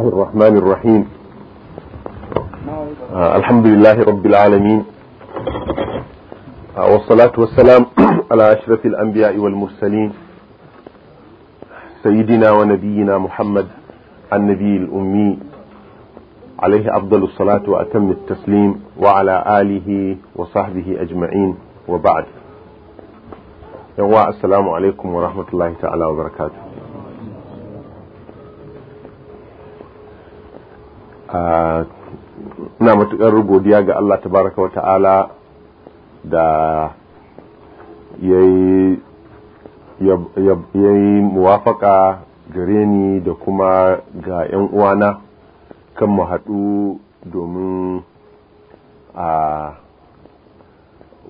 الله الرحمن الرحيم الحمد لله رب العالمين والصلاة والسلام على أشرف الأنبياء والمرسلين سيدنا ونبينا محمد النبي الأمي عليه أفضل الصلاة وأتم التسليم وعلى آله وصحبه أجمعين وبعد السلام عليكم ورحمة الله تعالى وبركاته na matuƙar godiya ga Allah tabaraka wa ta'ala da ya yi muwafaka gare ni da kuma ga 'yan uwana kan mu haɗu domin a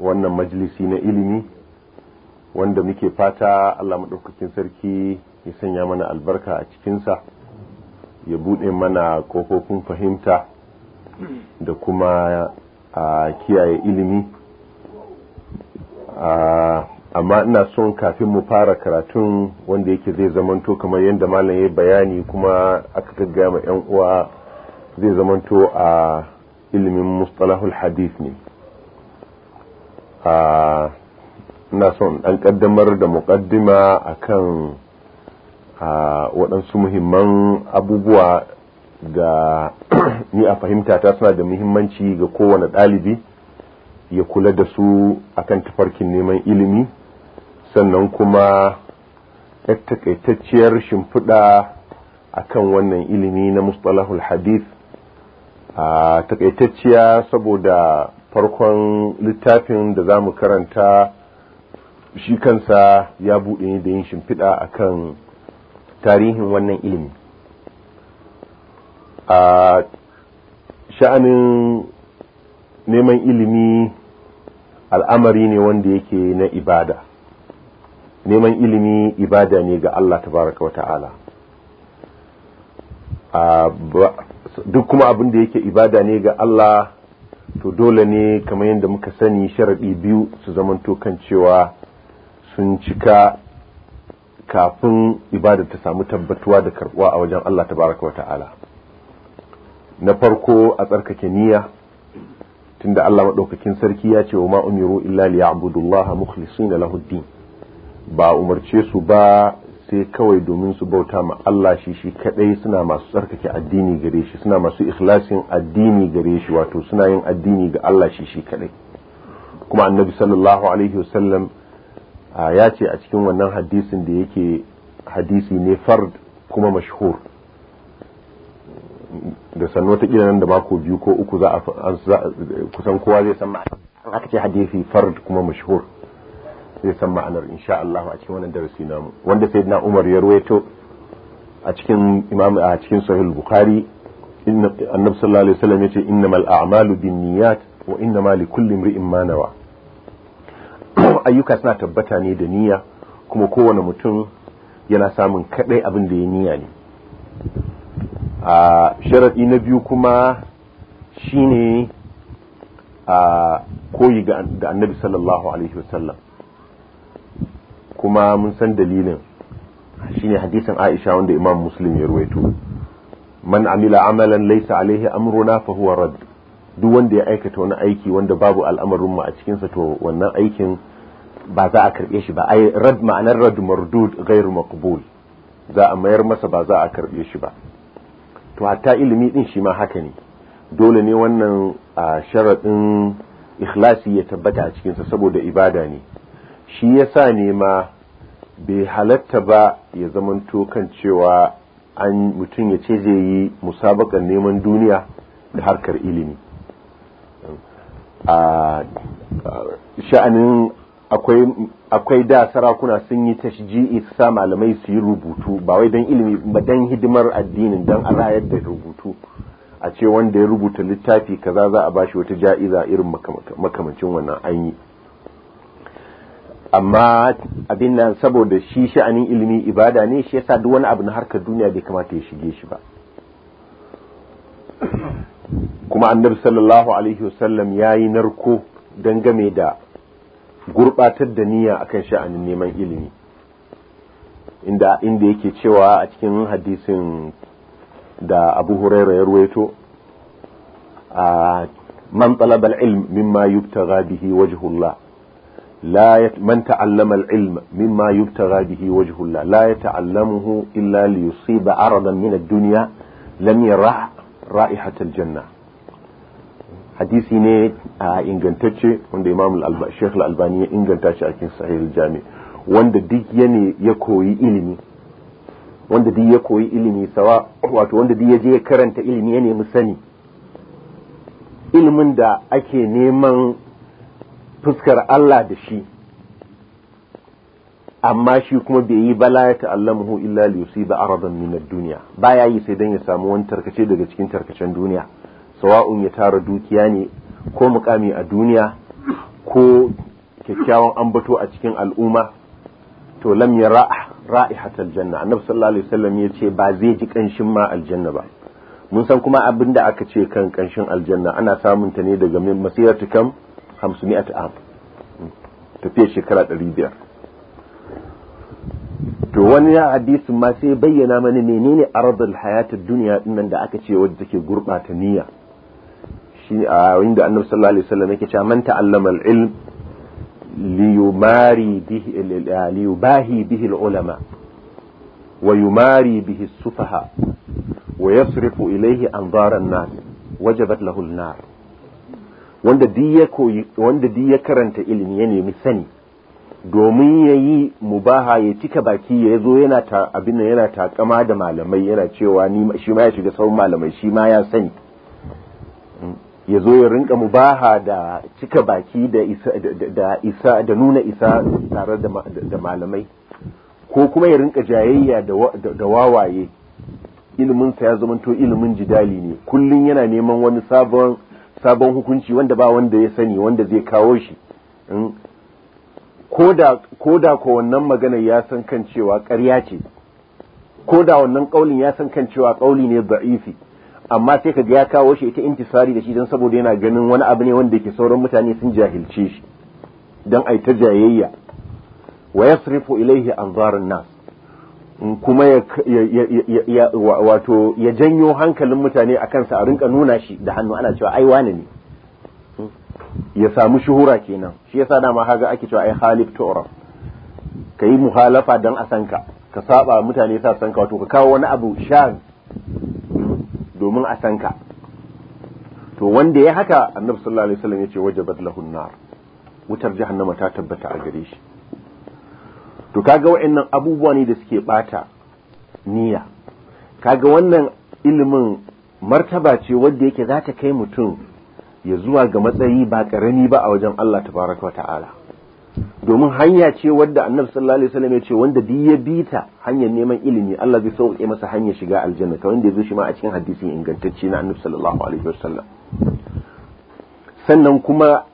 wannan majalisi na ilimi wanda muke fata Allah maɗaukakin sarki ya sanya mana albarka a cikinsa ya buɗe mana kofofin fahimta da kuma a kiyaye ilimi amma ina son kafin mu fara karatun wanda yake zai zamanto kamar yadda malam ya bayani kuma aka gaggaya ma 'yan uwa zai zamanto a ilimin mustalahul hadith ne ina son an kaddamar da muƙaddima akan a waɗansu muhimman abubuwa ga ni a fahimta ta suna da muhimmanci ga kowane ɗalibi ya kula da su akan tafarkin neman ilimi sannan kuma takaitacciyar shimfiɗa akan wannan ilimi na mustalahul hadith a takaitacciya saboda farkon littafin da za mu karanta shi kansa ya buɗe da yin shimfiɗa akan tarihin wannan ilimi a sha'anin neman ilimi al'amari ne wanda yake na ibada neman ilimi ibada ne ga Allah tabaraka wata'ala duk kuma abin da yake ibada ne ga Allah to dole ne kamar yadda muka sani sharaɗi biyu su zamanto kan cewa sun cika kafin ibada ta samu tabbatuwa da karbuwa a wajen Allah tabaraka wa ta'ala na farko a tsarkake niyya tunda Allah maɗaukakin sarki ya ce wa ma umiru illa liya'budullaha mukhlisina lahu din ba umarce su ba sai kawai domin su bauta ma Allah shi shi kadai suna masu tsarkake addini gare shi suna masu ikhlasin addini gare shi wato suna yin addini ga Allah shi shi kadai kuma annabi sallallahu alaihi wasallam Ah, ya ce a cikin wannan hadisin da yake hadisi ne fard kuma mashhur da sannu wataƙila nan da mako biyu ko uku za a kusan kowa zai san ma'anar aka ce hadisi fard kuma mashhur zai san ma'anar insha Allah a cikin wannan darasi namu wanda sai na Umar ya ruwaito a cikin imam a cikin sahih bukhari annabi sallallahu alaihi wasallam yace innamal a'malu binniyat wa innamal likulli imrin ma nawa ayyuka suna tabbata ne da niyya kuma kowane mutum yana samun kadai abin da ya niyya ne a sharadi na biyu kuma shine a koyi da annabi sallallahu alaihi wasallam kuma mun san dalilin shine hadisin Aisha wanda Imam Muslim ya ruwaito man amila amalan laisa alaihi amruna fa huwa radd duk wanda ya aikata wani aiki wanda babu al'amarin mu a cikinsa to wannan aikin ba za a karbe shi ba ai rad ma'anar rad mardud ghairu maqbul za a mayar masa ba za a karbe shi ba to hatta ilimi din shi ma haka ne dole ne wannan sharadin ikhlasi ya tabbata a cikin sa saboda ibada ne shi yasa ne ma bai halatta ba ya zamanto kan cewa an mutum ya ce zai yi musabakan neman duniya da harkar ilimi a sha'anin akwai da sarakuna sun yi tashji'i sa malamai su yi rubutu ba wai don ilimi ba don hidimar addinin don arayar da rubutu a ce wanda ya rubuta littafi kaza za a shi wata ja'iza irin makamancin wannan an yi amma abin nan saboda shi sha'anin ilimi ibada ne shi yasa duk wani abu na harkar duniya bai kamata ya shige shi ba kuma annabi sallallahu alaihi wasallam yayi narko dangane da gurbatar da niyya akan sha'anin neman ilimi inda inda yake cewa a cikin hadisin da Abu Hurairah ya ruwaito a man talaba al-ilm mimma yubtagha bihi wajhu la man ta'allama al-ilm mimma yubtagha bihi wajhu la yata'allamuhu illa li yusiba aradan min ad-dunya lam yara ra'ihata al-janna hadisi ne a ingantacce wanda imam al-sheikh al-albani ya inganta shi a cikin sahih jami wanda duk yane ya koyi ilimi wanda duk ya koyi ilimi sawa wato wanda duk ya je ya karanta ilimi ya nemi sani ilimin da ake neman fuskar Allah da shi amma shi kuma bai yi bala ya ta'allamuhu illa liyusiba aradan min ad-dunya baya yi sai dan ya samu wani tarkace daga cikin tarkacen duniya sawa'un ya tara dukiya ne ko mukami a duniya ko kyakkyawan ambato a cikin al'umma to lam ya ra'ihatal janna annabi sallallahu alaihi wasallam ya ce ba zai ji kanshin ma aljanna ba mun san kuma abin da aka ce kan kanshin aljanna ana samun ta ne daga min masiratu kam 500 am tafiya shekara 500 to wani ya hadisin ma sai bayyana mana menene aradul dunya duniya dinnan da aka ce wanda take gurbata niyya shi a inda annabi sallallahu alaihi wasallam yake cewa man ta'allama al-ilm yumari bihi yubahi bihi al-ulama wa yumari bihi as-sufaha wa yasrifu ilayhi anzar an-nas wajabat lahu an-nar wanda di ya koyi wanda ya karanta ilimi ya nemi sani domin ya yi mubaha ya cika baki ya zo yana ta abin nan yana takama da malamai yana cewa ni shi ma ya shiga sauran malamai shi ma ya sani hmm. ya zo ya rinka mubaha da cika baki da nuna isa tare da malamai ko kuma ya rinka jayayya da wawaye iliminsa ya zamanto ilimin jidali ne kullum yana neman wani sabon hukunci wanda ba wanda ya sani wanda zai kawo shi hmm? ko da ko wannan magana ya san kan cewa ƙarya ce koda wannan ƙaulin ya san kan cewa ƙauli ne da'ifi amma sai ka ga ya kawo shi ita intisari da shi don saboda yana ganin wani abu ne wanda ke sauran mutane sun jahilce shi don ai ta jayayya wa sarrafa ilaihi zarar nas kuma ya janyo hankalin mutane a kansa a rinka nuna shi da hannu ana cewa ai wane ne ya samu shuhura kenan shi yasa dama haga ake cewa ai halif ka kai muhalafa dan a sanka ka saba mutane sa sanka wato ka kawo wani abu shan. domin a san ka to wanda ya haka annabi sallallahu alaihi wasallam yace wajabat lahun nar wutar jahannama ta tabbata a gare shi to kaga wa'annan abubuwa ne da suke bata niyya kaga wannan ilimin martaba ce wanda yake za ta kai mutum ya zuwa ga matsayi ba karami ba a wajen Allah tabaraka wa ta'ala domin hanya ce wadda annabi sallallahu alaihi wasallam ya ce wanda duk ya bi ta hanyar neman ilimi Allah zai sauke masa hanyar shiga aljanna kamar da yazo shi ma a cikin hadisin ingantacce na annabi sallallahu alaihi wasallam sannan kuma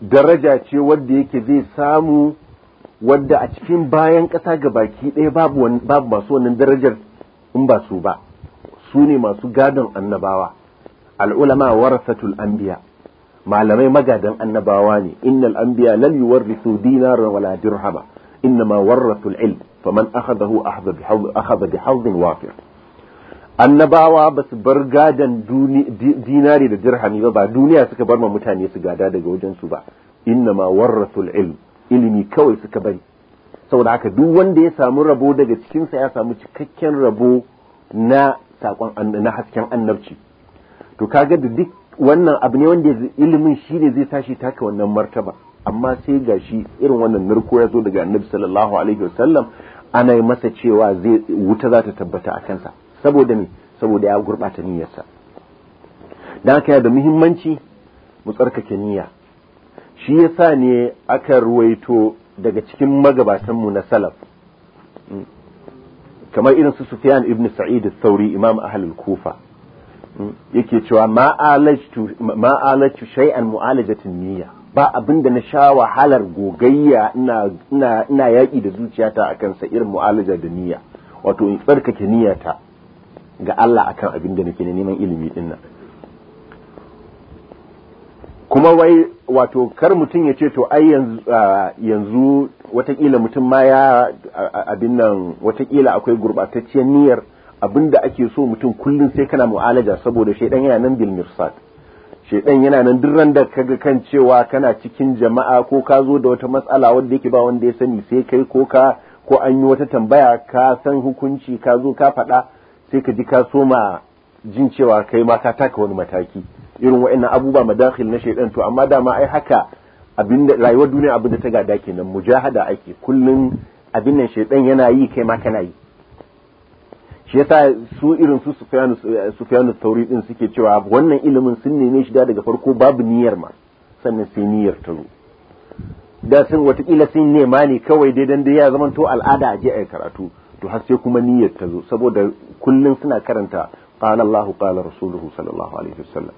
daraja ce wadda yake zai samu wadda a cikin bayan ƙasa ga baki ɗaya babu babu masu wannan darajar in ba su ba su ne masu gadon annabawa al'ulama warasatul anbiya malamai magadan annabawa ne innal anbiya lam yuwarrisu dinara wala dirhama innama warrasul ilm faman akhadahu akhadha bihawd akhadha wafir annabawa ba su bar gadan dinari da dirhami ba ba duniya suka bar ma mutane su gada daga wajen su ba innama warrasul ilm ilimi kawai suka bari saboda haka duk wanda ya samu rabo daga cikinsa ya samu cikakken rabo na sakon na hasken annabci to kaga da duk wannan abu ne wanda ilimin shi ne zai tashi taka wannan martaba amma sai ga shi irin wannan narko ya zo daga annabi sallallahu alaihi wasallam ana yi masa cewa zai wuta za ta tabbata a kansa saboda ne saboda ya gurɓata niyyarsa dan haka da muhimmanci mu tsarkake niyya shi yasa ne aka ruwaito daga cikin magabatanmu na salaf hmm. kamar irin su Sufyan ibn Sa'id al-Thawri imam ahlul Kufa yake cewa ma'alatu shay'an mu'alajatin niyya ba abin da na sha wahalar gogayya ina yaƙi da zuciyata a kansa irin mu'alaja da niyya wato in tsarkake niyyata ga Allah akan abin da nake neman ilimi din nan kuma wai wato kar mutum ya ce to ai yanzu watakila mutum ma ya abin nan watakila akwai gurɓatacciyar niyyar abinda ake so mutum kullum sai kana mu'alaja saboda shaidan yana nan bil mirsad shaidan yana nan duk ran da kaga kan cewa kana cikin jama'a ko ka zo da wata matsala wanda yake ba wanda ya sani sai kai ko ka ko an yi wata tambaya ka san hukunci ka zo ka faɗa sai ka ji ka soma jin cewa kai ma ka taka wani mataki irin wa'annan abubuwa madakhil na shaidan to amma dama ai haka abinda rayuwar duniya abinda ta gada kenan mujahada ake kullum abin nan shaidan yana yi kai ma kana yi shi yasa su irin su sufyanu tauri din suke cewa wannan ilimin sun neme shi da daga farko babu niyyar ma sannan sai niyyar ta zo da sun watakila sun nema ne kawai dai dan da ya zama to al'ada a je a karatu to har sai kuma niyyar ta zo saboda kullun suna karanta qala Allah qala rasuluhu sallallahu alaihi wasallam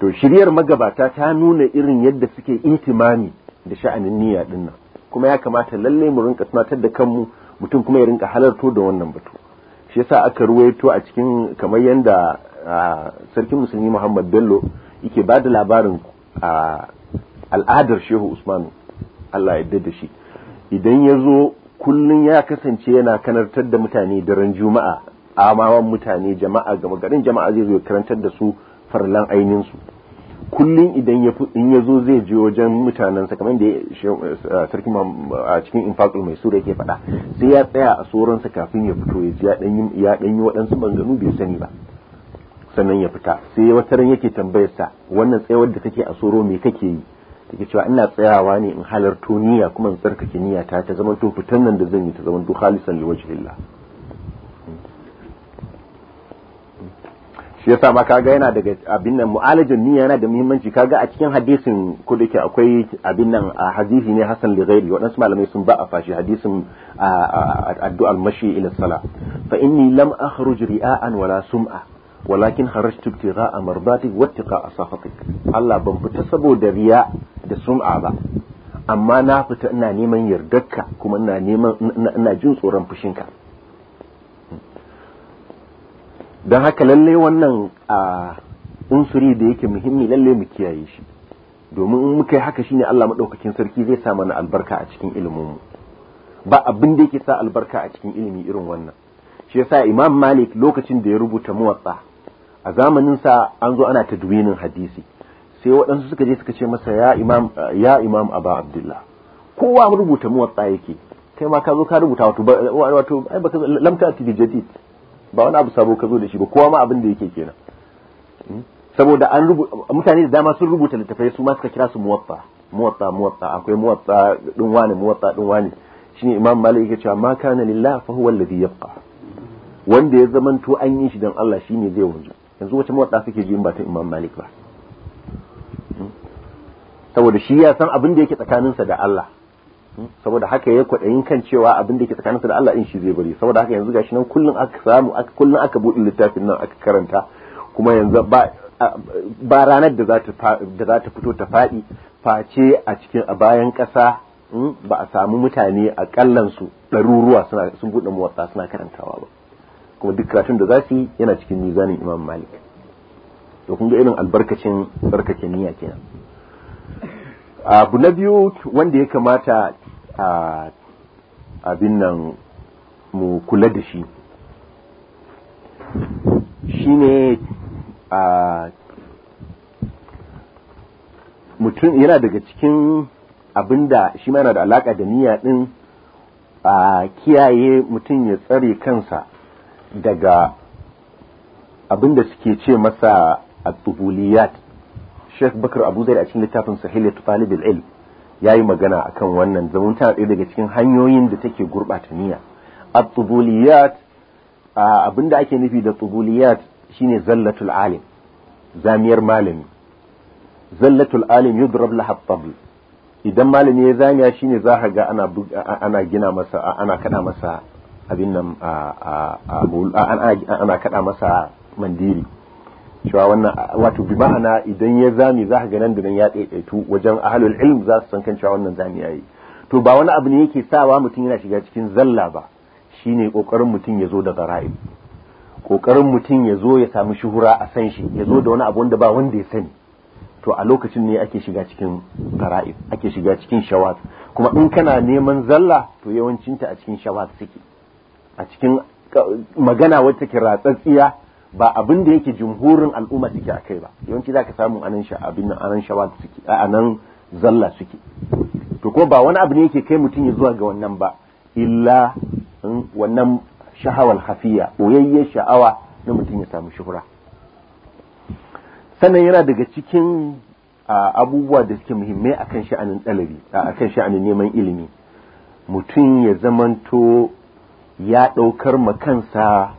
to shiryar magabata ta nuna irin yadda suke intimami da sha'anin niyya dinnan kuma ya kamata lalle mu rinka tunatar da kanmu mutum kuma ya rinka halarto da wannan batu shi yasa aka ruwaito a cikin kamar yanda sarkin musulmi Muhammad Bello yake ba da labarin al'adar Shehu Usmanu Allah ya yarda da shi idan ya zo kullum ya kasance yana kanartar da mutane daren juma'a amawan mutane jama'a gama garin jama'a zai zo karantar da su farlan ainihin su kullum idan in ya zo zai je wajen mutanen kamar da uh, sarki a uh, cikin infaqul mai sura yake faɗa sai ya tsaya a tsoronsa kafin ya fito ya ji ya ɗan yi waɗansu manganu bai sani ba sannan ya fita sai wata ran yake tambayar sa wannan tsayawar da take a tsoro me kake yi take cewa ina tsayawa ne in halarto niyya kuma in tsarkake niyya ta ta zama to fitan nan da zan yi ta zama to khalisan liwajhillah shi yasa ma kaga yana daga abin nan mu'alajin niyya yana da muhimmanci kaga a cikin hadisin ko da akwai abin nan a hadisi ne Hassan li ghairi wadansu malamai sun ba a fashi hadisin addu'a al-mashi ila sala fa inni lam akhruj ri'an wala sum'a walakin kharajtu ibtigha'a mardatik wa ittiqa'a safatik Allah ban fita saboda riya da sum'a ba amma na fita ina neman yardarka kuma ina neman ina jin tsoron fushinka don haka lallai wannan a unsuri da yake muhimmi lalle mu kiyaye shi domin in muka yi haka ne Allah madaukakin sarki zai sa mana albarka a cikin ilimin ba abin da yake sa albarka a cikin ilimi irin wannan shi yasa Imam Malik lokacin da ya rubuta muwatsa a zamanin sa an zo ana tadwinin hadisi sai waɗansu suka je suka ce masa ya Imam ya Imam Aba Abdullah kowa rubuta muwatsa yake kai ma ka zo ka rubuta wato wato ai baka lamta tijadid ba wani abu sabo ka zo da shi ba kowa ma abin da yake kenan hmm? saboda an rubuta mutane da dama sun rubuta littafai su ma suka kira su muwatta muwatta muwatta akwai muwatta din wani muwatta din wani shine imam malik yake cewa ma kana lillah fa huwa alladhi yabqa wanda ya zaman to an yi shi dan Allah shine zai wanzu yanzu wace muwatta suke ji in ba ta imam malik ba hmm? saboda shi ya san abin da yake tsakaninsa da Allah saboda haka ya kwaɗayin kan cewa abin da ke tsakaninsa da Allah in shi zai bari saboda haka yanzu gashi nan kullun aka samu kullun aka buɗe littafin nan aka karanta kuma yanzu ba ba ranar da za ta fito ta faɗi face a cikin a bayan ƙasa hmm, ba a samu mutane a su ɗaruruwa sun buɗe muwatsa suna karantawa ba kuma duk karatun da za su yi yana cikin mizanin imam malik to kun ga irin albarkacin barkacin niyya kenan abu na biyu wanda ya kamata a abin nan mu kula da shi shi ne a mutum yana daga cikin abin da shi mana yana da alaƙa da niyya ɗin a kiyaye mutum ya tsare kansa daga abin da suke ce masa a tubuliyat sheikh bakar abu zai a cikin littafin sahil ya ilm ya yi magana a kan wannan zumunta tana ɗaya daga cikin hanyoyin da take gurɓata niyya a tsubuliyat abinda ake nufi da tsubuliyat shine zallatul alim zamiyar malami zallatul alim yudrab laha tabl idan malami ya zamiya shine za ka ga ana ana gina masa ana kada masa abin nan ana kada masa mandiri cewa wannan wato bi ma'ana idan ya zami za ga nan da nan ya ɗaiɗaitu wajen ahalul ilm za su san kan cewa wannan zami yayi to ba wani abu ne yake sawa mutum yana shiga cikin zalla ba shine kokarin mutum ya zo da gara'i kokarin mutum ya zo ya samu shuhura a san shi ya zo da wani abu wanda ba wanda ya sani to a lokacin ne ake shiga cikin gara'i ake shiga cikin shawat kuma in kana neman zalla to yawancinta a cikin shawat suke a cikin magana wacce ke ratsatsiya ba abin da yake jumhurin al'umma suke a kai ba yawanci za ka samu anan sha abin anan shawa suke anan zalla suke to ko ba wani abu ne yake kai mutum ya zuwa ga wannan ba illa mm, wannan shahawar hafiya boyayyen sha'awa na mutum ya samu shuhura sannan yana daga cikin abubuwa da suke muhimmai akan sha'anin ɗalabi akan sha'anin neman ilimi mutum ya zamanto ya ɗaukar ma kansa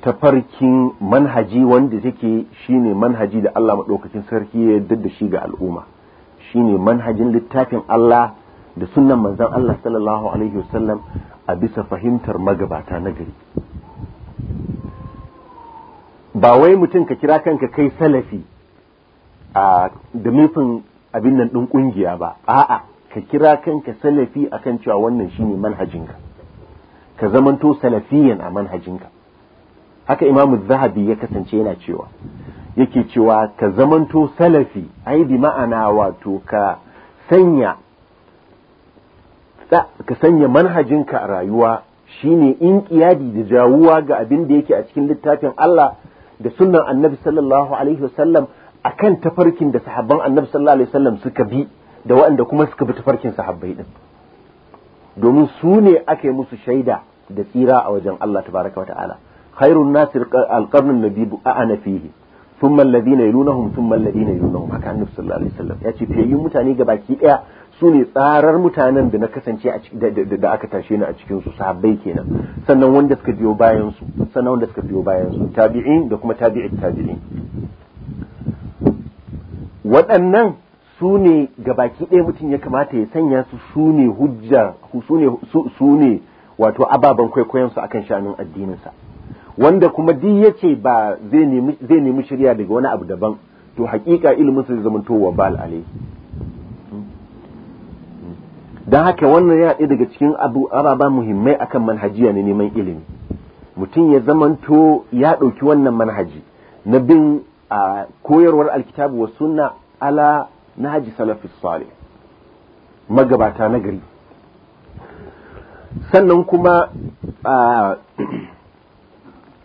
tafarkin manhaji wanda take shine manhaji da Allah maɗaukakin sarki ya yarda da shi ga al'umma shine manhajin littafin Allah da sunnan manzon Allah sallallahu alaihi wasallam a bisa fahimtar magabata na gari ba wai mutum ka kira kanka kai salafi a da nufin abin nan ɗin kungiya ba a'a ka kira kanka salafi akan cewa wannan shine manhajinka ka zamanto salafiyan a manhajinka haka imamu zahabi ya kasance yana cewa yake cewa ka zamanto salafi aibi ma'ana wato ka sanya ka sanya manhajinka a rayuwa shine in kiyadi da jawuwa ga abin da yake a cikin littafin Allah da sunnan annabi sallallahu alaihi wasallam akan tafarkin da sahabban annabi sallallahu alaihi wasallam suka bi da waɗanda kuma suka bi tafarkin sahabbai din domin su ne aka yi musu shaida da tsira a wajen Allah tabaraka wa ta'ala khairun nas alqarn alladhi ana fihi thumma alladhina yalunhum thumma alladhina yalunhum haka annabi sallallahu alaihi wasallam yace fiyayyun mutane gabaki daya su ne tsarar mutanen da na kasance da aka tashe ni a cikin su sahabbai kenan sannan wanda suka biyo bayan su sannan wanda suka biyo bayan su tabi'in da kuma tabi'it tabi'in waɗannan su ne gabaki ɗaya mutum ya kamata ya sanya su su ne hujja su ne wato ababen kwaikwayonsu akan shanun addininsa wanda kuma duk ce ba zai nemi zai shirya daga wani abu daban to hakika ilimin sa zai zamanto wa bal alai dan haka wannan ya ɗaya daga cikin abu ababa muhimmai akan manhajiya ne neman ilimi mutum ya zamanto ya ɗauki wannan manhaji na bin a koyarwar alkitabu wa sunna ala nahaji salafis salih magabata nagari sannan kuma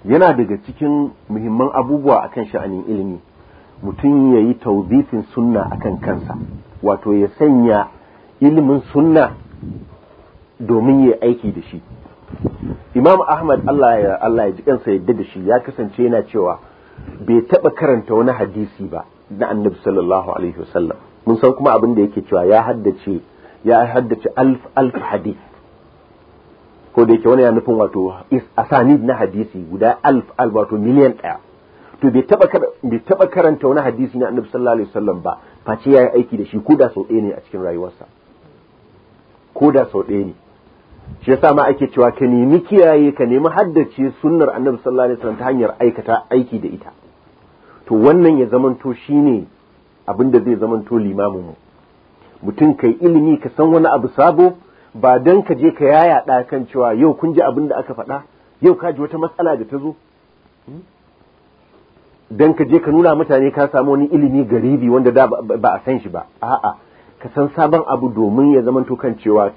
yana daga cikin muhimman abubuwa akan sha'anin ilimi mutum ya yi tauzifin sunna akan kansa wato ya sanya ilimin sunna domin ya aiki da shi imam ahmad allah ya ya ji kansa yadda da shi ya kasance yana cewa bai taba karanta wani hadisi ba na annabi sallallahu alaihi wasallam mun san kuma abin da yake cewa ya haddace ya haddace alf alf hadith ko da yake wani ya nufin wato asanid na hadisi guda alf alf wato miliyan ɗaya to bai taɓa karanta wani hadisi na annabi sallallahu alaihi wasallam ba face ya yi aiki da shi ko da sau ɗaya ne a cikin rayuwarsa ko da sau ɗaya ne shi yasa ma ake cewa ka nemi kiyaye ka nemi haddace sunnar annabi sallallahu alaihi wasallam ta hanyar aikata aiki da ita to wannan ya zamanto shine abin da zai zamanto limamin mu mutum kai ilimi ka san wani abu sabo ba don ka je ka yaɗa kan cewa yau kun ji abin da aka faɗa yau ka ji wata matsala da ta zo hmm? don ka je ka nuna mutane ka samu wani ilimi garibi wanda da ba a san shi ba a'a ka san sabon abu domin ya zama kan cewa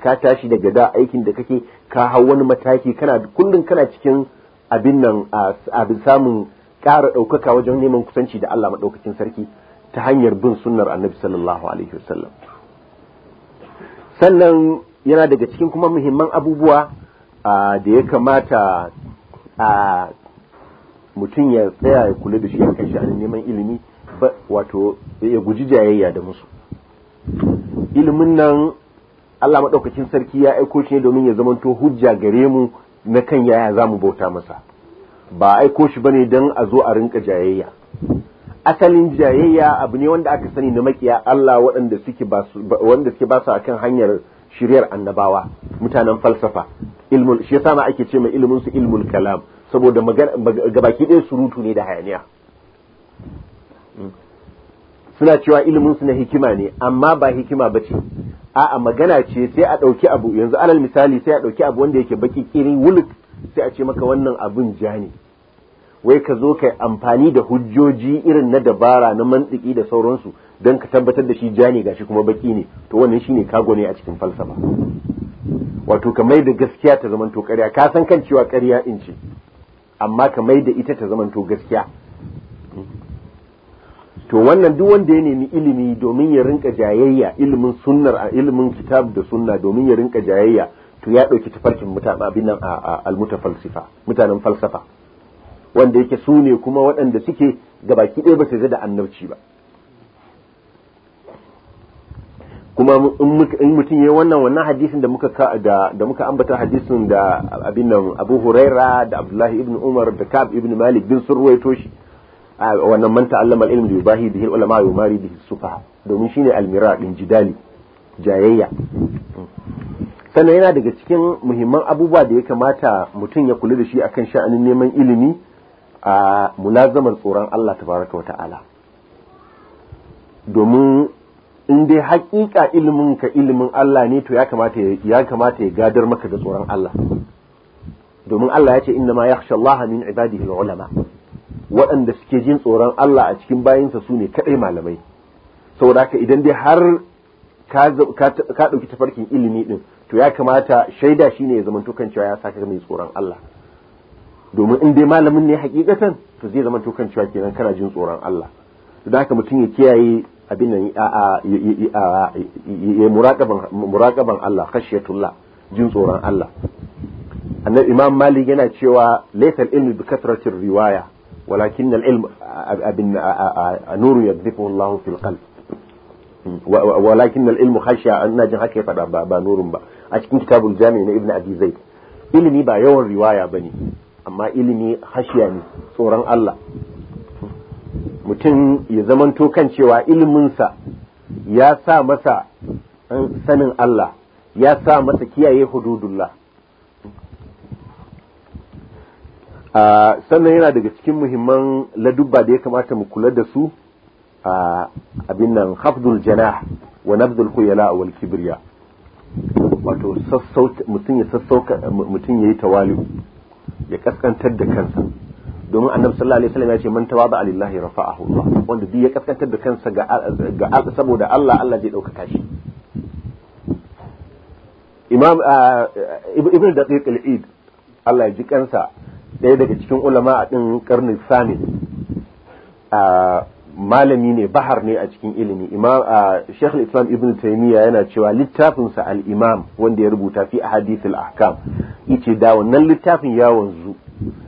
ka tashi daga da aikin da kake ka hau wani mataki kana kullum kana cikin abin nan abin samun ƙara ɗaukaka wajen neman kusanci da Allah maɗaukacin sarki ta hanyar bin sunnar annabi sallallahu alaihi wasallam sannan yana daga cikin kuma muhimman abubuwa da ya kamata a mutum ya tsaya ya kula da shi a kashi sha'anin neman ilimi wato ya guji jayayya da musu ilimin nan Allah maɗaukacin sarki ya aiko shi ne domin ya zama zamanto hujja gare mu na kan yaya za mu bauta masa ba aiko shi ba ne don a zo a rinka jayayya asalin jayayya abu ne wanda aka sani na makiya Allah waɗanda suke ba wanda suke akan hanyar shiryar annabawa mutanen falsafa ilmul shi yasa ma ake ce mai ilmin su ilmul kalam saboda gabaki ɗaya surutu ne da hayaniya hmm. suna cewa ilmin su na hikima ne amma ba hikima ba bace a'a magana ce sai a ɗauki abu yanzu alal misali sai a ɗauki abu wanda yake baki kiri wuluk sai a ce maka wannan abun ja ne wai ka zo kai amfani da hujjoji irin na dabara na mantiki da sauransu don ka tabbatar da shi ja ne gashi kuma baki ne to wannan shine kago ne a cikin falsafa wato ka mai da gaskiya ta to ƙarya ka san kan cewa ƙarya in ce amma ka mai da ita ta to gaskiya to wannan duk wanda ya nemi ilimi domin ya rinka jayayya ilimin sunnar a ilimin kitab da sunna domin ya rinka jayayya to ya ɗauki tafarkin mutanen abin nan a falsafa mutanen falsafa wanda yake su ne kuma waɗanda suke gabaki ɗaya ba su da annabci ba kuma in mutum ya yi wannan wannan hadisin da muka da muka ambata hadisin da abin Abu Huraira da Abdullahi ibn Umar da kab ibn Malik bin Surwai toshi shi wannan manta ta'allama al-ilm da yubahi bihi ulama wa mari bihi sufa domin shine almira din jidali jayayya sannan yana daga cikin muhimman abubuwa da ya kamata mutum ya kula da shi akan sha'anin neman ilimi a mulazamar tsoron Allah tabaraka wa ta'ala domin in dai haƙiƙa ilimin ka ilimin Allah ne to ya kamata ya gadar maka da tsoron Allah domin Allah ya ce inna ma shi Allah min ibadihi ulama waɗanda suke jin tsoron Allah a cikin bayansa su ne kaɗai malamai saboda haka idan dai har ka ɗauki tafarkin ilimi ɗin to ya kamata shaida shi ne ya zama kan cewa ya saka mai tsoron Allah domin in dai malamin ne hakikatan to zai zama tokan cewa kenan kana jin tsoron Allah da haka mutum ya kiyaye abin nan ya muraqaban muraqaban Allah khashiyatullah jin tsoron Allah annabi imam malik yana cewa laysa al-ilmu bi kathratir riwaya walakin al-ilm abin nuru yadhifu Allah fil qalb walakin al-ilmu khashiya anna jin haka ya fada ba nurun ba a cikin kitabul jami na ibnu abi zaid ilimi ba yawan riwaya bane amma ilimi hashiya ne tsoron Allah mutum ya zamanto kan cewa iliminsa ya sa masa eh, sanin Allah ya sa masa kiyaye hududullah ah, sannan yana daga cikin muhimman ladubba da ya kamata mu kula da su a abin nan hafdul janah wa nabdul khuyala wal kibriya wato mutum ya sassauka mutum yayi tawali'u ya kaskantar da kansa domin annabi sallallahu alaihi wasallam ya ce man tawaba lillahi rafa'ahu Allah wanda duk ya kaskantar da kansa ga ga saboda Allah Allah zai dauka shi imam ah, ibn daqiq al-eid Allah ya ji kansa daya daga cikin ulama a din karni sani ah, malami ne bahar ne a cikin ilimi imam Sheikh islam Ibn taymiya yana cewa littafin sa al-Imam wanda ya rubuta fi ahadith al-ahkam yace da wannan littafin ya wanzu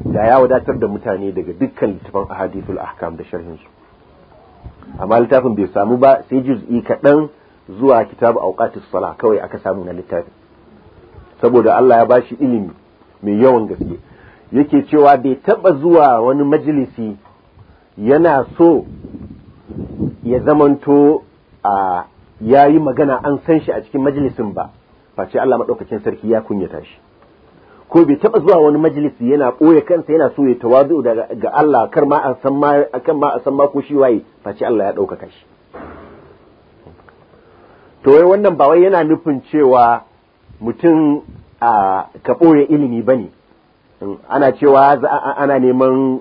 da ya wadatar da mutane daga dukkan littafin ahadith al-ahkam da sharhin su amma littafin bai samu ba sai juz'i kaɗan zuwa kitab awqatis salah kawai aka samu na littafin saboda Allah ya bashi ilimi mai yawan gaske yake cewa bai taba zuwa wani majalisi yana so ya zamanto a yi magana an san shi a cikin majalisin ba face Allah madaukakin sarki ya kunyata shi ko bai taɓa zuwa wani majalisi yana ɓoye kansa yana so ya tawazu ga Allah kar ma a san ma kan ma a san ma ko shi waye face Allah ya ɗaukaka shi to wai wannan ba wai yana nufin cewa mutum a ka ɓoye ilimi bane ana cewa ana neman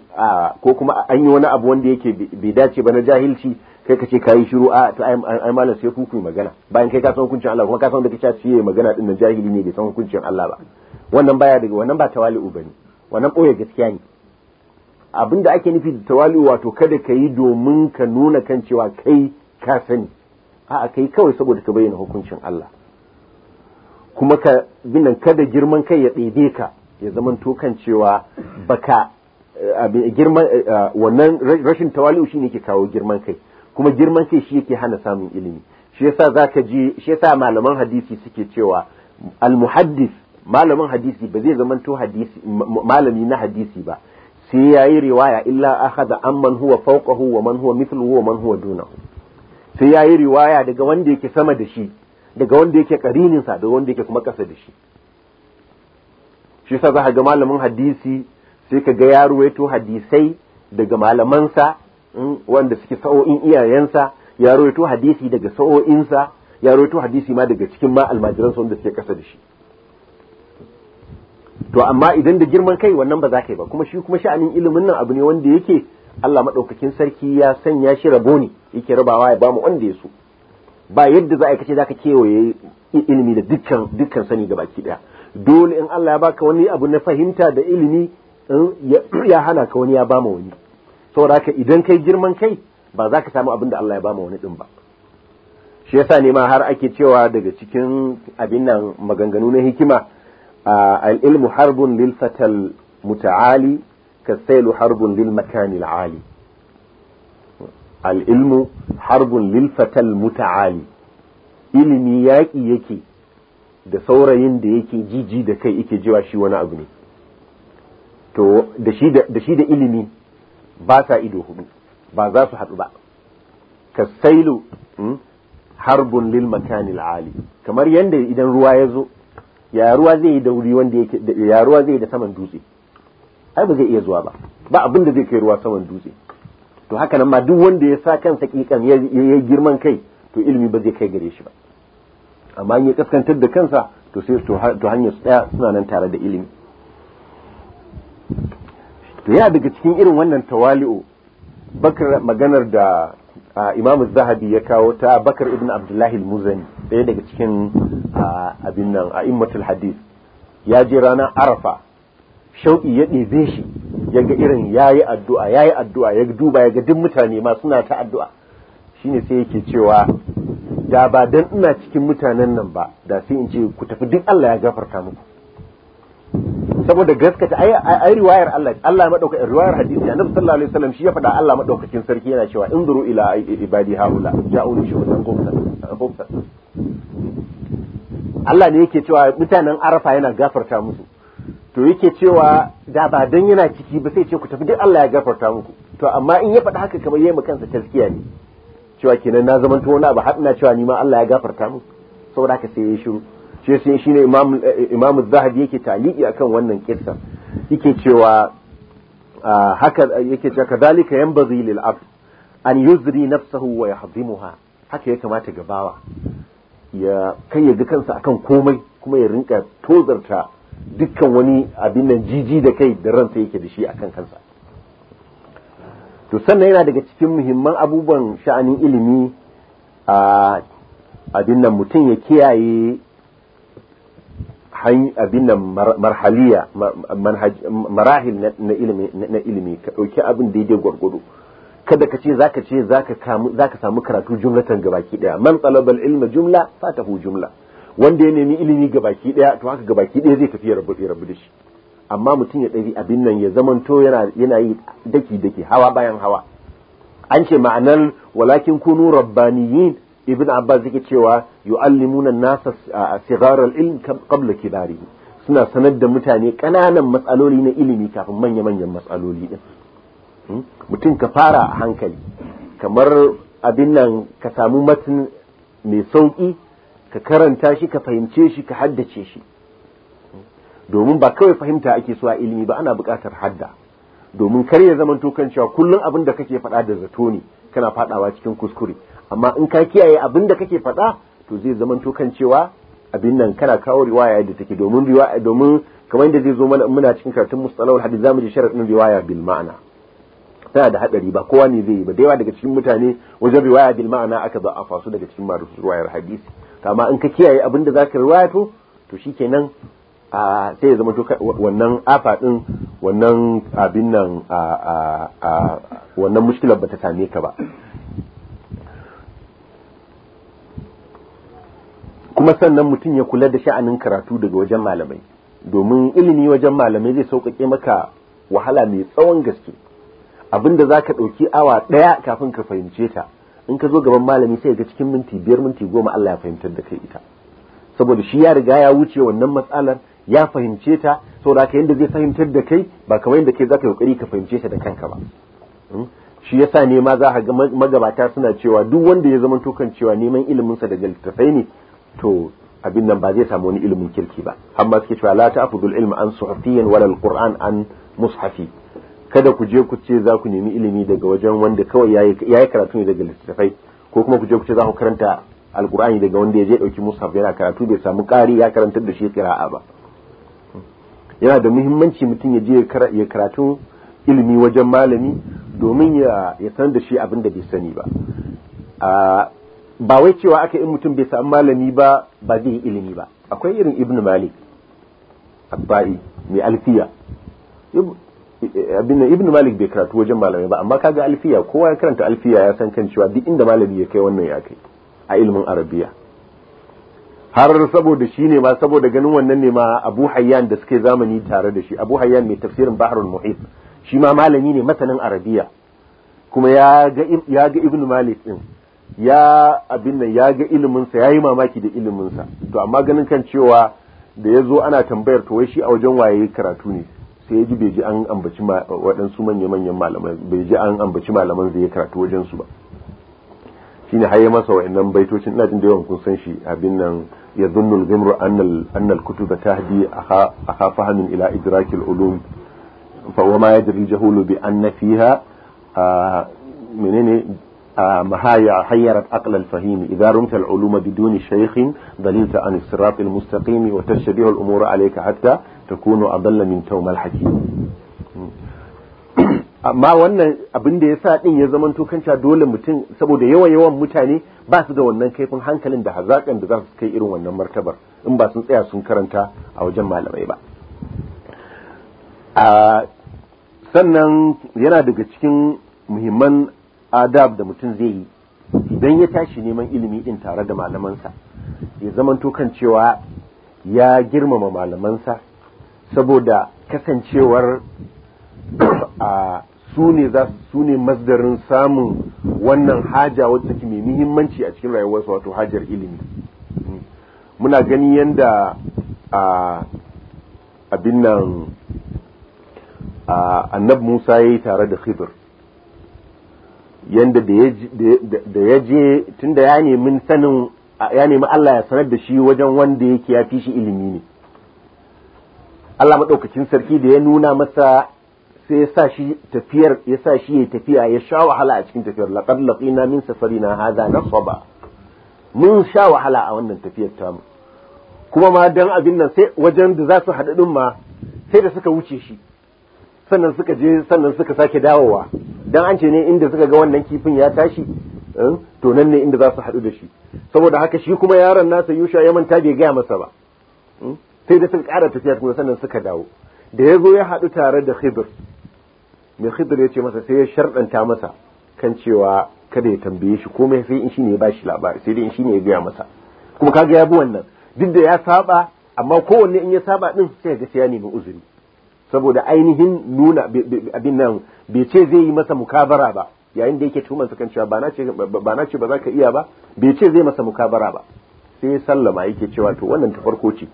ko kuma an yi wani abu wanda yake bai dace ba na jahilci kai ka ce ka yi shiru a ta ai malam sai ku kuyi magana bayan kai ka san hukuncin Allah kuma ka san da kace shi yayi magana din na jahili ne bai san hukuncin Allah ba wannan baya daga wannan ba tawali'u bane wannan boye gaskiya ne abinda ake nufi da tawali'u wato kada ka yi domin ka nuna kan cewa kai ka sani a'a kai kawai saboda ka bayyana hukuncin Allah kuma ka binan kada girman kai ya ɗebe ka ya zama kan cewa baka eh, girman eh, eh, wannan rashin tawali'u ne ke kawo girman kai kuma girman kai shi yake hana samun ilimi shi yasa zaka ji shi yasa malaman hadisi suke cewa almuhaddis muhaddis malamin hadisi ba zai zamanto hadisi malami na hadisi ba sai yayi riwaya illa akhadha amman huwa fawqahu wa man huwa mithluhu wa man huwa dunahu sai yayi riwaya daga wanda yake sama da shi daga wanda yake karinin sa daga wanda yake kuma kasa da shi shi yasa za ka ga malamin hadisi sai ka ga ya ruwaito hadisai daga malamansa mm, wanda suke sa'o'in iyayensa ya ruwaito hadisi daga sa'o'insa ya ruwaito hadisi ma daga cikin ma almajiransa wanda suke kasa da shi to amma idan da girman kai wannan ba za ka yi ba kuma shi kuma sha'anin ilimin nan abu ne wanda yake Allah maɗaukakin sarki ya sanya shi rabo ne yake rabawa ya bamu wanda ya so ba yadda za a kace za ka kewaye ilimi da dukkan sani ga baki daya dole in Allah ya baka wani abu na fahimta da ilimi ya hana ka wani ya bama wani saboda haka idan kai girman kai ba za ka samu abin da Allah ya bama wani din ba shi yasa ne ma har ake cewa daga cikin abin nan maganganu na hikima al-ilmu harbun lil fatal muta'ali sailu harbun lil makanil ali al-ilmu harbun lil fatal muta'ali ilimi yaki yake da saurayin da yake jiji da kai yake jiwa shi wani abu ne to da shi da ilimi ba sa ido hudu ba za su haɗu ba kasailu hmm, harbun lil makanil ali kamar yadda idan ruwa ya zo ya ruwa zai yi da wanda yake ya ruwa zai da saman dutse ai ba zai iya zuwa ba ba abin da zai kai ruwa saman dutse to haka nan ma duk wanda ya sa kansa kikan ya girman kai to ilimi ba zai kai gare shi ba amma in ya kaskantar da kansa to sai to hanyar su daya suna nan tare da ilimi to yana daga cikin irin wannan tawali'u bakar maganar da imamu zahabi ya kawo ta bakar ibn abdullahi al-muzani ɗaya daga cikin abin nan a immatul hadith ya je ranar arafa shauƙi ya ɗebe shi ya ga irin ya yi addu'a ya yi addu'a ya duba ya ga duk mutane ma suna ta addu'a shine sai yake cewa da ba dan ina cikin mutanen nan ba da sai in ce ku tafi duk Allah ya gafarta muku saboda gaskata ai ai riwayar Allah Allah ya madauka riwayar hadisi annabi sallallahu alaihi wasallam shi ya faɗa Allah madaukakin sarki yana cewa inzuru ila ibadi haula ja'u li shuhudan gumsa Allah ne yake cewa mutanen Arafa yana gafarta musu to yake cewa da ba dan yana ciki ba sai ce ku tafi duk Allah ya gafarta muku to amma in ya faɗa haka kamar yayin kansa taskiya ne cewa kenan na zaman wani abu har ina cewa nima ma Allah ya gafarta mu saboda aka sai ya shiru shi sai shi imam imam zahabi yake taliki akan wannan kissa yake cewa ah, haka yake cewa kadalika yanbazi lil lil'af an yuzri nafsahu wa hazimuha haka ya kamata gabawa ya kai ya ga kansa akan komai kuma ya rinka tozarta dukkan wani abin nan jiji da kai da ransa yake da shi akan kansa to sannan yana daga cikin muhimman abubuwan sha'anin ilimi a abin nan mutum ya kiyaye abin nan marhaliya marahil na ilimi ka ɗauki abin daidai gwargwado kada ka ce zaka ce zaka samu karatu jumlatan gabaki daya man talabal ilma jumla fatahu jumla wanda ya nemi ilimi gabaki daya to haka gabaki daya zai tafi ya rabu da shi amma mutum ya ɗari abin nan ya zamanto yana yi daki daki hawa bayan hawa an ce ma'anar walakin kunu rabbaniyin ibn abbas yake cewa yu'allimuna nasa a sigarar ilm qabla kibari suna sanar da mutane ƙananan matsaloli na ilimi kafin manya manyan matsaloli din hmm? mutum ka fara a hankali kamar abin nan ka samu matin mai sauƙi ka karanta shi ka fahimce shi ka haddace shi domin ba kawai fahimta ake so a ilimi ba ana buƙatar hadda domin kar ya zama kan cewa kullum abin da kake faɗa da zato ne kana faɗawa cikin kuskure amma in ka kiyaye abin da kake faɗa to zai zama kan cewa abin nan kana kawo riwaya da take domin riwaya domin kamar yadda zai zo mana muna cikin karatun mustalahul hadith zamu ji sharadin riwaya bil ma'ana tana da hadari ba kowa ne zai yi ba da yawa daga cikin mutane wajen riwaya bil ma'ana aka ba a daga cikin masu riwayar hadisi amma in ka kiyaye abin da zaka to to shikenan a sai ya zama to wannan afa din wannan abin nan a wannan mushkilar bata same ka ba kuma sannan mutum ya kula da sha'anin karatu daga wajen malamai domin ilimi wajen malamai zai sauƙaƙe maka wahala mai tsawon gaske abinda za ka ɗauki awa ɗaya kafin ka fahimce ta in ka zo gaban malami sai ga cikin minti biyar minti goma Allah ya fahimtar da kai ita saboda shi ya riga ya wuce wannan matsalar ya fahimce ta saboda haka yanda zai fahimtar da kai ba kamar da kai zaka yi ka fahimce ta da kanka ba hmm? shi ya sa nema za ka ga magabata suna cewa duk wanda ya zama tukan cewa neman ilimin sa daga littattafai ne to abin nan ba zai samu wani ilimin kirki ba amma suke cewa la afudul ilmi an suhafiyan wala alquran an mushafi kada ku je ku ce za ku nemi ilimi daga wajen wanda kawai yayi karatu ne daga littafai ko kuma ku je ku ce za ku karanta alqurani daga wanda ya je dauki mushaf yana karatu bai samu kari ya karantar da shi qira'a ba yana da muhimmanci mutum ya je ya karatu ilimi wajen malami domin ya san da shi abin da bai sani ba ba wai cewa aka in mutum bai samu malami ba ba zai yi ilimi ba akwai irin ibn malik abba'i mai alfiya abin ibn malik bai karatu wajen malami ba amma kaga alfiya kowa ya karanta alfiya ya san kan cewa duk inda malami ya kai wannan ya kai a ilimin arabiya har saboda shi ne ma saboda ganin wannan ne ma abu hayyan da suke zamani tare da shi abu hayyan mai tafsirin baharul muhit shi ma malami ne masanin arabiya kuma ya ga ya ga ibnu malik din ya abin nan ya ga ilimin sa yayi mamaki da ilimin sa to amma ganin kan cewa da yazo ana tambayar to wai shi a wajen waye karatu ne sai ya ji bai ji an ambaci waɗansu manya-manyan malamai bai ji an ambaci malaman zai karatu wajen su ba shine haye masa wa'annan baitocin ina jin da yawan kun san shi abin nan ya dhunnu al-ghimru anna anna al-kutuba tahdi aha fahamin ila idrak al-ulum fa wa ma yadri al-jahulu bi anna fiha menene mahaya hayyarat aql al-fahim idha rumta al-ulum biduni shaykhin dalilta an as-sirat al-mustaqim wa tashbihu al umur alayka hatta takunu adalla min tawm al-hakim amma wannan abin da ya sa din ya zama tokanta dole mutum saboda yawa yawan mutane ba su da wannan kaifin hankalin da hazaƙan da za su kai irin wannan martabar in ba sun tsaya sun karanta a wajen malamai ba sannan yana daga cikin muhimman adab da mutum zai yi idan ya tashi neman ilimi din tare da malamansa ya zama tukancewa ya girmama malamansa saboda kasancewar a su ne za su ne masdarin samun wannan haja wacce take mai muhimmanci a cikin rayuwarsa wato hajar ilimi muna gani yanda a abin nan annab Musa ya yi tare da Khidr yanda da ya je tun da ya nemi sanin ya nemi Allah ya sanar da shi wajen wanda yake ya fi shi ilimi ne Allah maɗaukacin sarki da ya nuna masa sai ya sa shi tafiyar ya shi ya tafiya ya sha wahala a cikin tafiyar laqad laqina min safarina hadha nasaba mun sha wahala a wannan tafiyar mu kuma ma dan abin nan sai wajen da za su haɗu din ma sai da suka wuce shi sannan suka je sannan suka sake dawowa dan an ce ne inda suka ga wannan kifin ya tashi eh, to nan ne inda za su haɗu da shi saboda haka shi kuma yaron nasa yusha ya manta bai gaya masa ba hmm? sai da suka ƙara tafiya kuma sannan suka dawo da ya zo ya haɗu tare da khibir mai khidr ya ce masa sai ya sharɗanta masa kan cewa kada ya tambaye shi komai sai in shine ya bashi labari sai dai in shine ya gaya masa kuma kaga ya bi wannan duk da ya saba amma kowanne in ya saba din sai ga sai ya nemi uzuri saboda ainihin nuna abin nan bai ce zai yi masa mukabara ba yayin da yake tuhumar kan cewa ba na ce ba za ka iya ba bai ce zai masa mukabara ba sai sallama yake cewa to wannan ta farko ce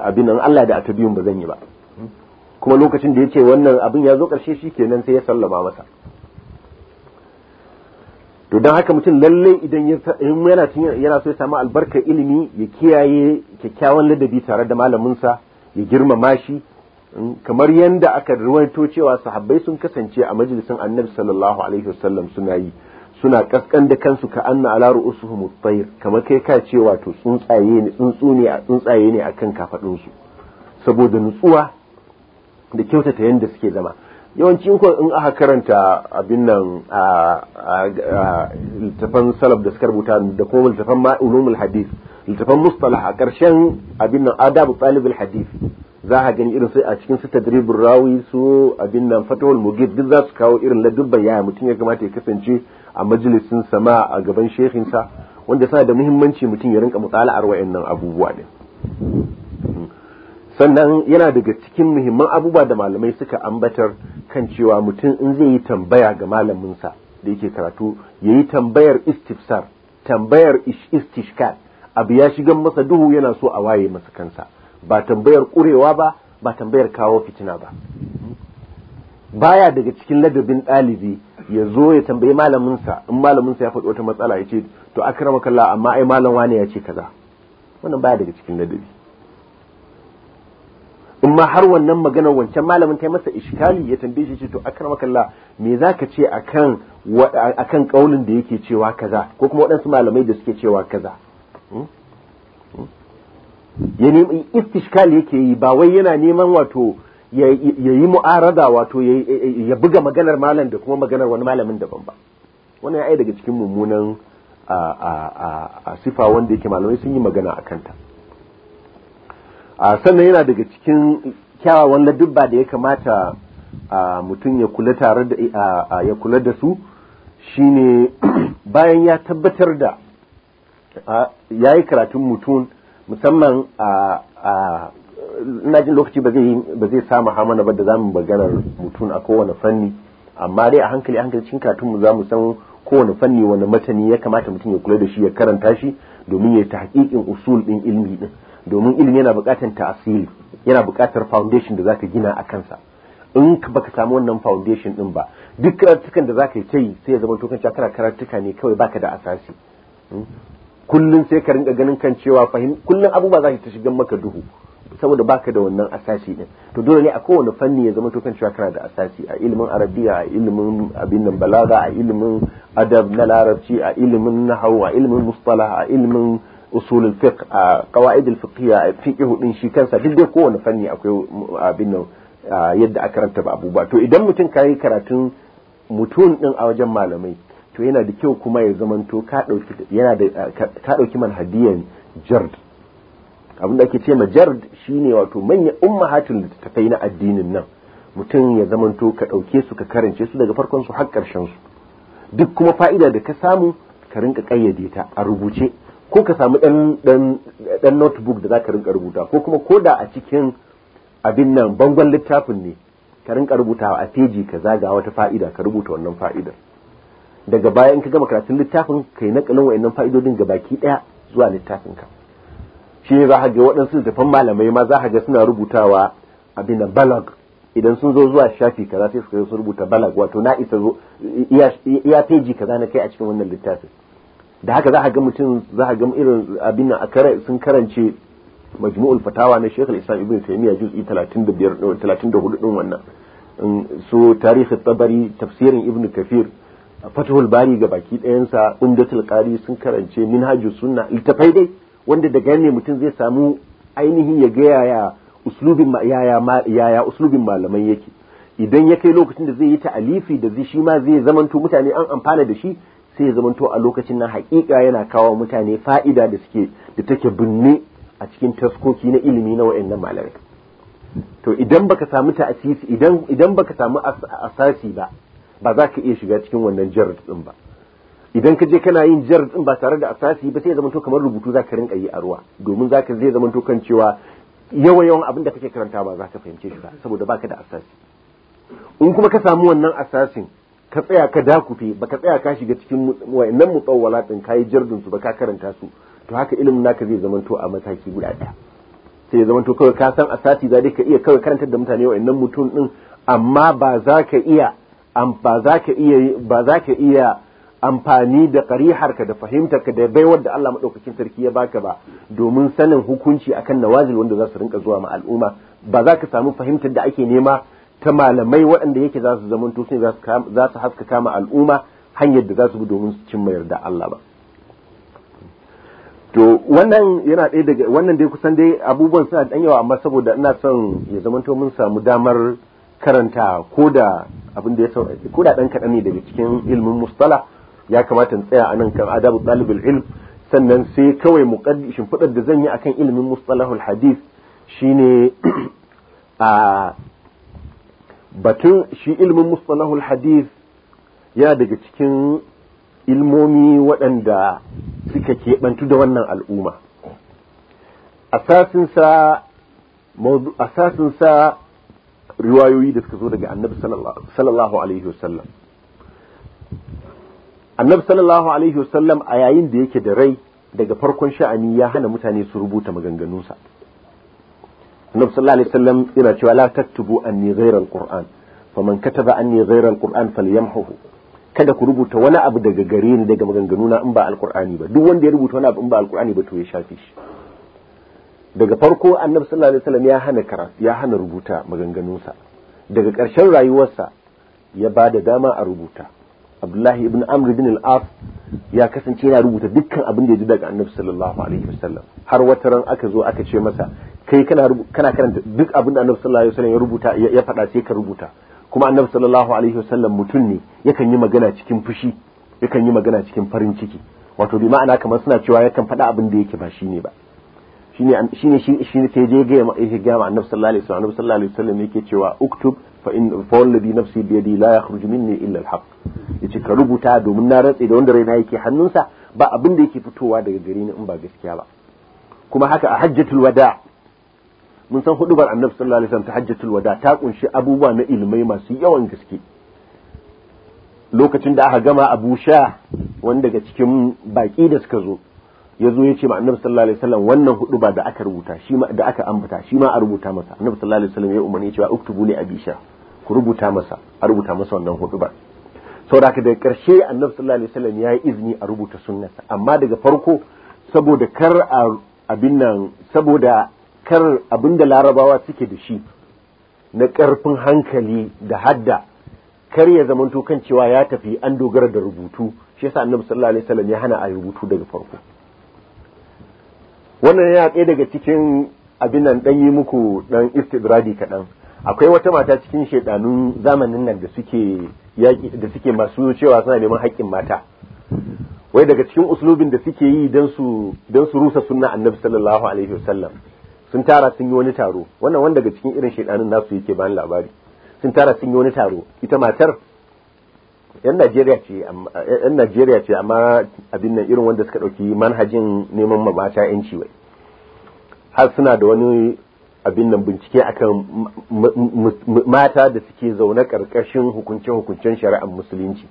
abin nan Allah da ta biyun ba zan yi ba kuma lokacin da ya ce wannan abin ya zo ƙarshe shi kenan sai ya sallama masa to don haka mutum lalle idan yana yana so ya samu albarkar ilimi ya kiyaye kyakkyawan ladabi tare da malaminsa ya girmama shi kamar yadda aka ruwaito cewa sahabbai sun kasance a majalisin annabi sallallahu alaihi wasallam suna yi suna kaskan da kansu ka anna ala ru'usuhum at-tayr kamar kai ka ce wato tsuntsaye ne tsuntsu a tsuntsaye ne akan kafadun su saboda nutsuwa da kyautata yadda suke zama yawanci in aka karanta abin nan a littafan salaf da suka rubuta da kuma littafan ulumul hadith littafan mustalah a karshen abin nan adabu talibul hadith za a gani irin sai a cikin su tadribul rawi su abin nan fatawul mugid duk za su kawo irin ladubban yaya mutum ya kamata ya kasance a majalisin sama a gaban shehinsa wanda suna da muhimmanci mutum ya rinka arwa'in nan abubuwa din hmm. sannan yana daga cikin muhimman abubuwa da malamai suka ambatar kan cewa mutum in zai yi tambaya ga malaminsa da yake karatu ya yi tambayar istifsar tambayar istishkar abu ya shigan masa duhu yana so a waye masa kansa ba tambayar kurewa ba ba tambayar kawo fitina ba baya daga cikin ladabin ɗalibi ya zo ya tambayi malaminsa in malaminsa ya faɗi wata matsala ya ce to akrama kallah amma ai malam wane ya ce kaza wannan baya daga cikin ladabi in ma har wannan magana wancan malamin ta masa iskali ya tambaye shi ce to makalla me za ka ce akan akan kaulin da yake cewa kaza ko kuma waɗansu malamai da suke cewa kaza hmm? Hmm? ya nemi istishkal yake yi ba wai yana neman wato ya yi mu'arada wato ya buga maganar malam da kuma maganar wani malamin daban ba wannan ya daga cikin mummunan a sifa wanda yake malamai sun yi magana a kanta a sannan yana daga cikin kyawawan ladubba da ya kamata mutum ya kula tare da ya kula da su shine bayan ya tabbatar da ya yi karatun mutum musamman a ina jin lokaci ba zai samu hamana ba da zamu maganar mutum a kowane fanni amma dai a hankali hankali cikin karatun mu mu san kowane fanni wani matani ya kamata mutum ya kula da shi ya karanta shi domin ya ta hakikin usul din ilmi din domin ilimi yana bukatar tasiri yana bukatar foundation da zaka gina a kansa in baka samu wannan foundation din ba duk karatukan da zaka yi tai sai ya zama to kanka karatuka ne kawai baka da asasi hmm? kullum sai ka rinka ganin kan cewa fahim kullum abubuwa za ta shigan maka duhu saboda baka da wannan asasi din to dole ne a kowane fanni ya zama to kan cewa kana da asasi a ilimin arabiya a ilimin abin nan balaga a ilimin adab na larabci a ilimin nahawu a ilimin mustalah a ilimin usul al-fiqh a qawaid al-fiqhiyya fiqh din shi kansa duk dai kowane fanni akwai abin nan yadda aka ranta ba abubuwa to idan mutum kai karatun mutum din a wajen malamai to yana da kyau kuma ya to ka dauki yana da ka dauki manhadiyan jard abin da ake ce ma jard shine wato manya ummahatul littafai na addinin nan mutum ya zamanto ka dauke su ka karance su daga farkon su har karshen su duk kuma fa'ida da ka samu ka rinka kayyade ta a rubuce ko ka samu ɗan notebook da za ka rinka rubuta ko kuma ko da a cikin abin nan bangon littafin ne ka rinka rubuta a feji ka zaga wata fa'ida ka rubuta wannan fa'idar daga bayan ka gama karatun littafin kai nakalin wa'annan fa'idodin ga baki ɗaya zuwa littafin ka shi za ga waɗansu littafan malamai ma za ka ga suna rubutawa abin nan balag idan sun zo zuwa shafi kaza sai su rubuta balag wato na isa zo iya feji kaza na kai a cikin wannan littafin da haka za a ga mutum za a ga irin abin a kare sun karance majmu'ul fatawa na Sheikh Islam Ibn Taymiyyah juz'i 35 34 din wannan so tarihi tabari tafsirin Ibn Kathir Fathul Bari ga baki ɗayansa Umdatul Qari sun karance Minhajus Sunna littafai dai wanda daga ne mutum zai samu ainihin ya ga yaya uslubin yaya yaya uslubin malaman yake idan ya kai lokacin da zai yi ta'alifi da zai shi ma zai zamanto mutane an amfana da shi sai ya zamanto a lokacin nan haƙiƙa yana kawo mutane fa'ida da suke da take binne a cikin taskoki na ilimi na wayannan malamai to idan baka samu ta'asisi idan idan baka samu asasi ba ba za ka iya shiga cikin wannan jar din ba idan ka je kana yin jar din ba tare da asasi ba sai ya zamanto kamar rubutu za ka rinka yi a ruwa domin za ka zai zamanto kan cewa yawa yawan abin da kake karanta ba za ka fahimce shi ba saboda baka da asasi in kuma ka samu wannan asasin ka tsaya ka dakufe baka tsaya ka shiga cikin wayannan mutawwalatin kai jardin su ba ka karanta su to haka ilimin naka zai zamanto a mataki guda daya sai ya zamanto kawai ka san asasi za ka iya kawai karantar da mutane wayannan mutum din amma ba za ka iya ba za ka iya ba za ka iya amfani da ƙariharka da ka da baiwar da Allah maɗaukakin sarki ya baka ba domin sanin hukunci akan nawazil wanda za su rinka zuwa ma al'umma ba za ka samu fahimtar da ake nema ta malamai waɗanda yake za su zamanto su za su haska kama al'umma hanyar da za su bi domin su cimma yarda Allah ba to wannan yana ɗaya daga wannan dai kusan dai abubuwan suna ɗan yawa amma saboda ina son ya zamanto mun samu damar karanta ko da abin da ya sauƙi ko da ɗan kaɗan ne daga cikin ilmin mustala ya kamata in tsaya a nan kan adabu ɗalibul ilm sannan sai kawai ƙaddi shimfiɗar da zan yi akan ilmin mustalahul hadith shine a batun shi ilmin mustalahul hadith ya daga cikin ilmomi waɗanda suka keɓantu da wannan al'umma asasinsa riwayoyi da suka zo daga annabi sallallahu alaihi wasallam annabi sallallahu alaihi wasallam a yayin da yake da rai daga farkon sha'ani ya hana mutane su rubuta maganganunsa annabi sallallahu alaihi wasallam yana cewa la taktubu anni ghayra alquran faman kataba anni ghayra alquran falyamhuhu kada ku rubuta wani abu daga gare ni daga maganganu na in ba alqur'ani ba duk wanda ya rubuta wani abu in ba alqur'ani ba to ya shafe shi daga farko annabi sallallahu alaihi wasallam ya hana karatu ya hana rubuta maganganunsa daga ƙarshen rayuwarsa ya ba da dama a rubuta abdullahi ibn amr bin al-as ya kasance yana rubuta dukkan abin da ya ji daga annabi sallallahu alaihi wasallam har wata ran aka zo aka ce masa kai kana kana karanta duk abin da annabi sallallahu alaihi wasallam ya rubuta ya faɗa sai ka rubuta kuma annabi sallallahu alaihi wasallam mutum ne yakan yi magana cikin fushi yakan yi magana cikin farin ciki wato bi ma'ana kamar suna cewa yakan faɗa abin da yake ba shine ba shine shine shine sai je ga ya ga annabi sallallahu alaihi wasallam annabi sallallahu alaihi wasallam yake cewa uktub fa in fa wallazi nafsi bi yadi la yakhruju minni illa al ya yace ka rubuta domin na ratse da wanda raina yake hannunsa ba abin da yake fitowa daga gare ni in ba gaskiya ba kuma haka a hajjatul wada mun san hudubar annabi sallallahu alaihi wasallam ta hajjatul wada ta kunshi abubuwa na ilmai masu yawan gaske lokacin da aka gama Abu Sha wanda daga cikin baki da suka zo ya zo ya ce ma annabi sallallahu alaihi wasallam wannan hudu da aka rubuta shi ma da aka ambata shi ma a rubuta masa annabi sallallahu alaihi wasallam ya umarni cewa uktubu li abi sha ku rubuta masa a rubuta masa wannan hudubar saboda haka daga ƙarshe annabi sallallahu alaihi wasallam ya yi izini a rubuta sunnarsa amma daga farko saboda kar abin da larabawa suke da shi na ƙarfin hankali da hadda kar ya zamanto kan cewa ya tafi an dogara da rubutu shi yasa annabi sallallahu alaihi wasallam ya hana a rubutu daga farko wannan yana ɗaya daga cikin abin nan ɗan yi muku ɗan istidradi kaɗan akwai wata mata cikin shedanun zamanin nan da suke yaƙi da suke masu cewa suna neman haƙƙin mata wai daga cikin uslubin da suke yi don su don su rusa sunna annabi sallallahu alaihi wasallam sun tara sun yi wani taro wannan wanda daga cikin irin shedanun nasu yake bayan labari sun tara sun yi wani taro ita matar yan Najeriya ce amma yan Najeriya ce amma abin nan irin wanda suka dauki manhajin neman mabata yanci wai har suna da wani abin nan bincike akan mata da suke zaune karkashin hukunce-hukuncen shari'ar musulunci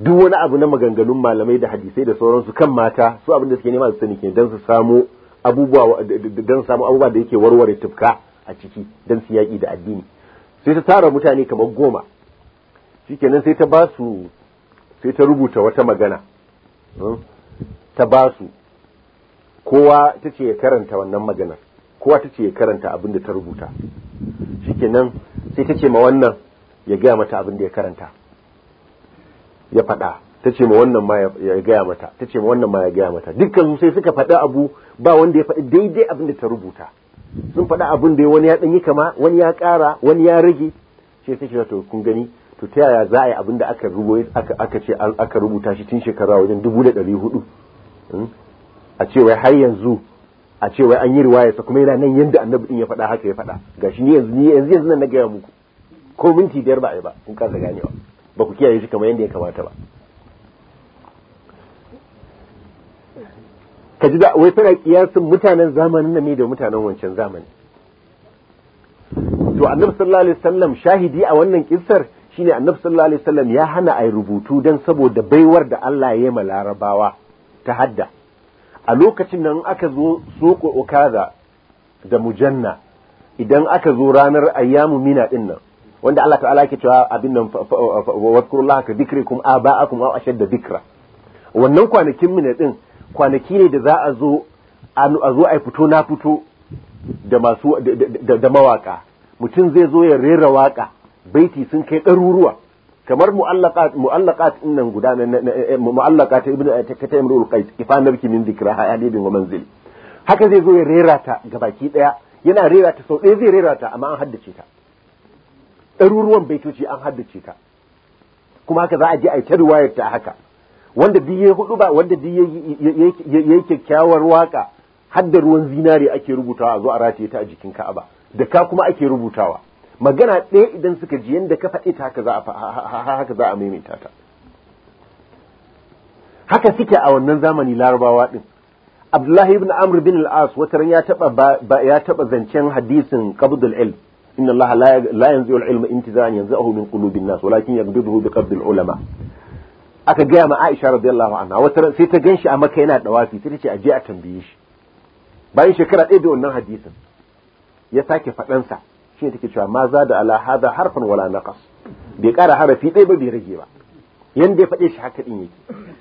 duk wani abu na maganganun malamai da hadisai da sauransu kan mata su abin da suke nema su sani ke don su samu abubuwa don samu abubuwa da yake warware tufka a ciki don su yaƙi da addini sai ta tara mutane kamar goma shikenan sai ta ba su sai ta rubuta wata magana hmm? ta ba su kowa ta ce ya karanta wannan maganar kowa ta ce ya karanta abin da ta rubuta nan sai ta ce ma wannan ya gaya mata abin da ya karanta ya faɗa ta ce ma wannan ma ya gaya mata ta ce ma wannan ma ya gaya mata dukkan su sai suka faɗa abu ba wanda ya faɗi daidai abin da ta rubuta sun faɗa abin da wani ya ɗanyi kama wani ya ƙara wani ya rage sai ta ce to kun gani to ta yaya za a yi abin da aka aka ce aka rubuta shi tun shekara wajen dubu da ɗari hudu hmm? a cewa har yanzu a ce wai an yi sa kuma yana nan yadda annabi din ya faɗa haka ya faɗa gashi ni yanzu ni yanzu yanzu nan na gaya muku ko minti biyar ba a yi ba kun kasa ganewa ba ku kiyaye shi kamar yadda ya kamata ba kaji ji da wai tana kiyasin mutanen zamanin nan ne da mutanen wancan zamani to annabi sallallahu alaihi wasallam shahidi a wannan kissar shine annabi sallallahu alaihi wasallam ya hana ai rubutu dan saboda baiwar da Allah ya yi ma larabawa ta hadda a lokacin nan aka zo soko okaza da mujanna idan aka zo ranar ayyamu mina din nan wanda Allah ta'ala yake cewa abin nan wadkurullaha ka dhikrikum aba'akum aw ashadda dhikra wannan kwanakin mina din kwanaki ne da za a zo a zo a fito na fito da masu da mawaka mutum zai zo ya rera waka baiti sun kai ɗaruruwa kamar mu'allaqat mu'allaqat innan guda eh, mu'allaqat ibnu eh, ta taimrul qais nabki min ha alibin wa manzil haka zai zo ya rera ta gabaki daya yana rera ta sau ɗaya zai rera ta amma an haddace ta ɗaruruwan baitoci an haddace ta kuma haka za a je a ta riwayar ta haka wanda duk yayi hudu ba wanda duk yayi kyakkyawar waka hadda ruwan zinari ake rubutawa a zo a rataye ta a jikin Ka'aba da ka kuma ake rubutawa magana ɗaya idan suka ji yadda ka faɗi ta haka za a haka maimaita ta haka suke a wannan zamani larabawa din abdullahi ibn amr bin al-as wata ran ya taba ya taba zancen hadisin qabdul ilm inna allaha la yanzu al-ilma intizan yanzahu min qulubin nas walakin yaqbiduhu bi ulama aka gaya ma aisha radiyallahu anha wata ran sai ta ganshi a maka yana dawafi sai ta ce aje a tambaye shi bayan shekara ɗaya da wannan hadisin ya sake faɗansa sa shi take cewa ma za da ala hada harfan wala naqas bai kara harafi dai ba bai rage ba yanda ya faɗe shi haka din yake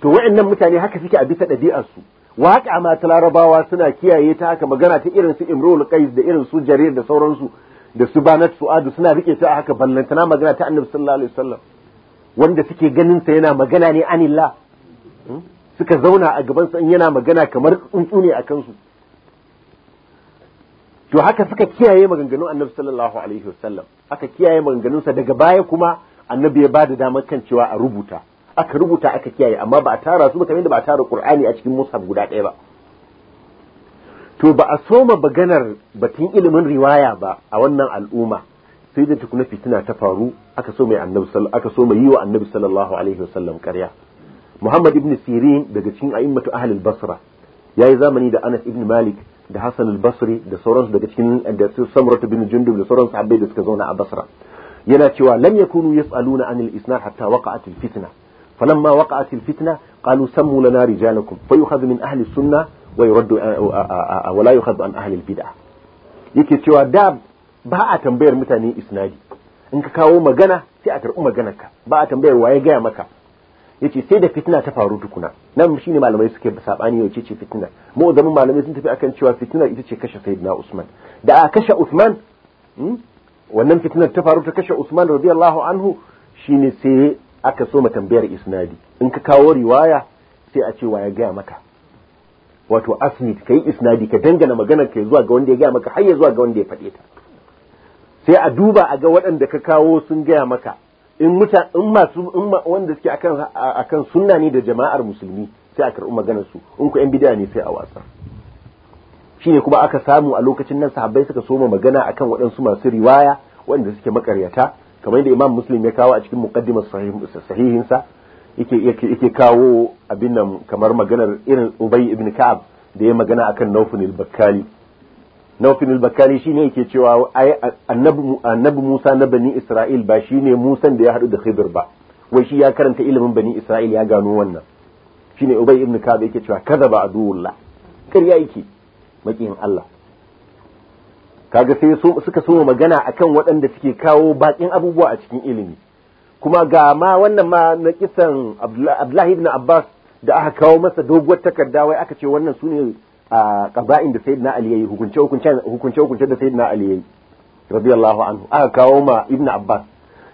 to wayannan mutane haka suke a bisa ɗabi'ar su waƙa ma ta larabawa suna kiyaye ta haka magana ta irin su imrul qais da irin su jarir da sauransu da su banat su'adu suna rike ta haka ballantana magana ta annabi sallallahu alaihi wasallam wanda suke ganin sa yana magana ne anillah hmm? suka zauna a gaban sa yana magana kamar tsuntsu ne a kansu to haka suka kiyaye maganganun annabi sallallahu alaihi wasallam aka kiyaye maganganunsa daga baya kuma annabi ya bada damar kan cewa a rubuta aka rubuta aka kiyaye amma ba a tara su ba kamar inda ba a tara qur'ani a cikin mushaf guda ɗaya ba to ba a soma baganar batun ilimin riwaya ba a wannan al'umma sai da tukuna fitina ta faru aka so mai annabi aka so mai yi wa annabi sallallahu alaihi wasallam ƙarya Muhammad ibn Sirin daga cikin a'immatu ahli al-Basra yayi zamani da Anas ibn Malik ده حسن البصري ده صورنس ده كتكين ده سمرة بن جندب لصورنس عبيد اسكزونا عبصرة يناتيوا لم يكونوا يسألون عن الإسنار حتى وقعت الفتنة فلما وقعت الفتنة قالوا سموا لنا رجالكم فيخذ من أهل السنة ويرد ولا يخذ عن أهل البدعة يكتيوا داب باعة تنبير متاني إسناري انك كاوما جنة سيأتر أما جنك باعة تنبير ويجامك yace sai da fitina ta faru tukuna nan shine malamai suke sabani yace ce fitina mu zaman malamai sun tafi akan cewa fitina ita ce kashe sayyidina Usman da a kashe Usman hmm? wannan fitinar ta faru ta kashe Usman radiyallahu anhu shine sai aka so ma tambayar isnadi in ka kawo riwaya sai a ce wa ya gaya maka wato asnid kai isnadi ka dangana maganar ka zuwa ga wanda ya gaya maka har ya zuwa ga wanda ya faɗe ta sai a duba a ga waɗanda ka kawo sun gaya maka in muta in masu in wanda suke akan akan sunna ne da jama'ar musulmi sai a karɓi maganar su in ku yan bid'a ne sai a shi shine kuma aka samu a lokacin nan sahabbai suka soma magana akan waɗansu masu riwaya waɗanda suke makaryata kamar da Imam Muslim ya kawo a cikin muqaddimar sahihin sa yake yake kawo abin nan kamar maganar irin Ubay ibn Ka'ab da ya magana akan Nawfal al-Bakkali nawfin al-bakari shine yake cewa ai annabi Musa na bani Isra'il ba shine Musan da ya hadu da Khidir ba wai shi ya karanta ilimin bani Isra'il ya gano wannan shine Ubay ibn Ka'ab yake cewa kadaba aduwullah ƙarya yake makin Allah kaga sai suka so magana akan waɗanda suke kawo bakin abubuwa a cikin ilimi kuma ga ma wannan ma na kisan Abdullahi ibn Abbas da aka kawo masa doguwar takarda wai aka ce wannan sune a qaza'in da sayyidina ali yayi hukunce hukunce hukunce hukunce da sayyidina ali yayi radiyallahu anhu aka kawo ma ibnu abbas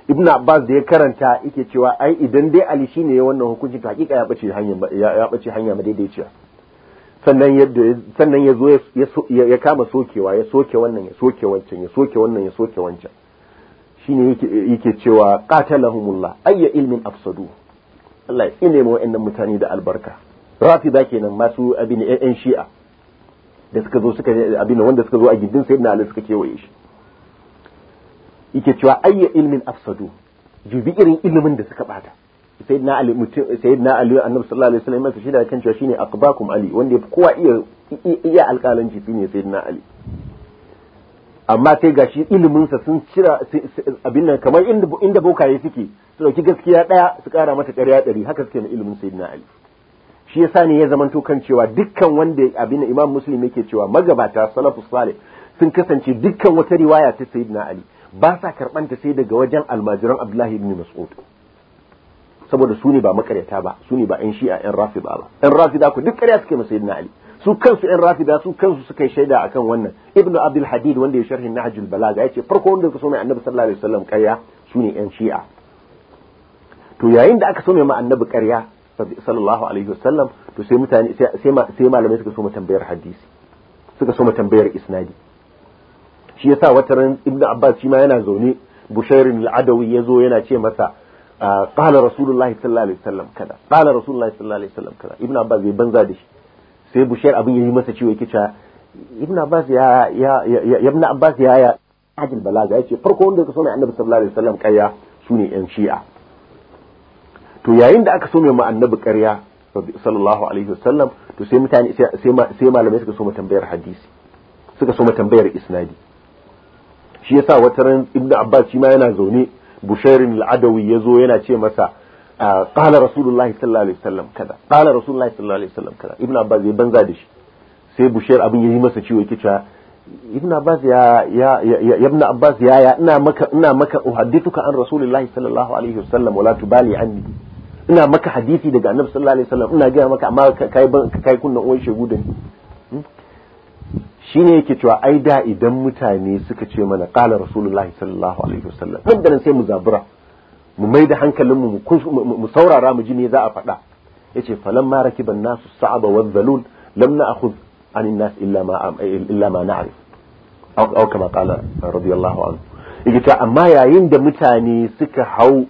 ibnu abbas da ya karanta yake cewa ai idan dai ali shine ya wannan hukunci ta hakika ya bace hanya ya bace hanya madaidaiciya sannan yadda sannan ya zo ya kama sokewa ya soke wannan ya soke wancan ya soke wannan ya soke wancan shine yake yake cewa qatalahumullah ayya ilmin afsadu Allah ya tsine mu wa'annan mutane da albarka da kenan masu abin yan shi'a da suka zo suka abin wanda suka zo a gindin sayyidina ali suka kewaye shi yake cewa ayya ilmin afsadu jubi irin ilimin da suka bata sayyidina ali mutum sayyidina ali annabi sallallahu alaihi wasallam masa shida kan cewa shine aqbakum ali wanda kowa iya iya alƙalanci shine sayyidina ali amma sai gashi ilimin sa sun cira abin nan kamar inda inda bokaye suke su dauki gaskiya daya su kara mata ƙarya ɗari haka suke na ilimin sayyidina ali shi yasa ne ya zamanto kan cewa dukkan wanda abin imam muslim yake cewa magabata salafus salih sun kasance dukkan wata riwaya ta sayyidina ali ba sa karban ta sai daga wajen almajiran abdullahi ibn mas'ud saboda su ne ba makaryata ba su ne ba yan shi'a yan rafida ba yan rafida ku duk ƙarya suke ma ali su kansu yan rafida su kansu suka shaida akan wannan ibnu abdul hadid wanda ya sharhi nahjul balaga ce farko wanda ka so mai annabi sallallahu alaihi ƙarya su ne yan shi'a to yayin da aka so mai annabi ƙarya sallallahu alaihi wasallam to sai mutane sai malamai suka so mu tambayar hadisi suka so mu tambayar isnadi shi yasa wata ran ibnu abbas shi ma yana zaune bushairin al-adawi yazo yana ce masa ah, qala rasulullahi sallallahu alaihi wasallam kada qala rasulullahi sallallahu alaihi wasallam kada ibnu abbas bai banza da shi sai bushair abin yayi masa ciwo yake cewa ibnu abbas ya ya ibnu abbas ya ya ajil balaga yace farko wanda ka so mai annabi sallallahu alaihi wasallam kayya sune yan shi'a to yayin da aka so mai annabi ƙarya sallallahu alaihi wasallam to sai mutane sai malamai suka so tambayar hadisi suka so tambayar isnadi shi yasa wata ran ibnu abbas shi ma yana zaune bushairin al-adawi yazo yana ce masa qala rasulullah sallallahu alaihi wasallam kada qala rasulullahi sallallahu alaihi wasallam kaza ibnu abbas ya banza da shi sai bushair abin yayi masa ciwo yake cewa ibnu abbas ya ya ibnu abbas ya ya ina maka ina maka uhaddithuka an rasulillahi sallallahu alaihi wasallam wala tubali anni ina maka hadisi daga annabi sallallahu alaihi wasallam ina gaya maka amma kai kai kunna uwan shegu da ni hmm? shine yake cewa ai da idan mutane suka ce mana qala rasulullahi sallallahu alaihi wasallam dan da sai mu zabura mu mai da hankalin mu mu saurara mu ji me za a faɗa yace ma rakiban nasu sa'aba wal zalul lam na'khudh an الناس إلا ما illa ma نعرف أو أو كما قال رضي الله عنه يقول amma yayin da mutane suka hau.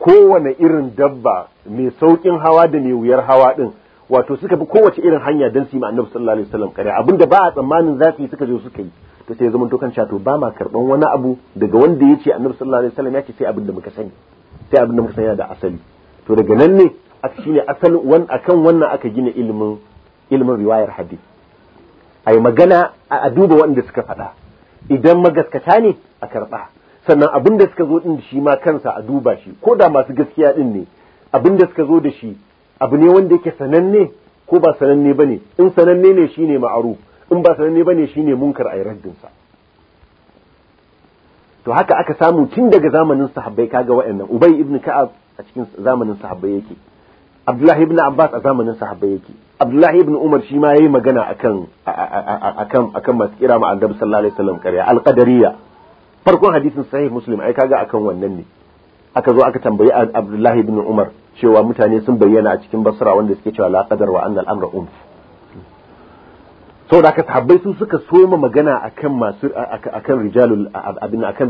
kowane irin dabba mai sauƙin hawa da mai wuyar hawa ɗin, wato suka fi kowace irin hanya don su yi annabi sallallahu alaihi wasallam kare abinda ba a tsammanin za su yi suka zo suka yi to sai ya zama dokan to ba ma karban wani abu daga wanda ya ce annabi sallallahu alaihi wasallam ya ce sai abin da muka sani sai abin da muka sani da asali to daga nan ne shine asalin wan akan wannan aka gina ilimin ilimin riwayar hadith ai magana a duba wanda suka faɗa idan magaskata ne a karɓa sannan abin da suka zo din shi ma kansa a duba shi ko da masu gaskiya din ne abin da suka zo da shi abu ne wanda yake sananne ko ba sananne bane in sananne ne shine ma'aru in ba sananne bane shine munkar ay raddin sa to haka aka samu tun daga zamanin sahabbai kaga wayannan ubay ibn ka'ab a cikin zamanin sahabbai yake abdullahi ibn abbas a zamanin sahabbai yake abdullahi ibn umar shi ma yayi magana akan akan akan masu kira annabi sallallahu alaihi wasallam farkon hadisin sahih muslim ai kaga akan wannan ne aka zo aka tambayi abdullahi ibn umar cewa mutane sun bayyana a cikin basra wanda suke cewa la qadar wa annal amra umf saboda haka sahabbai su suka soma magana akan masu akan rijalul abin akan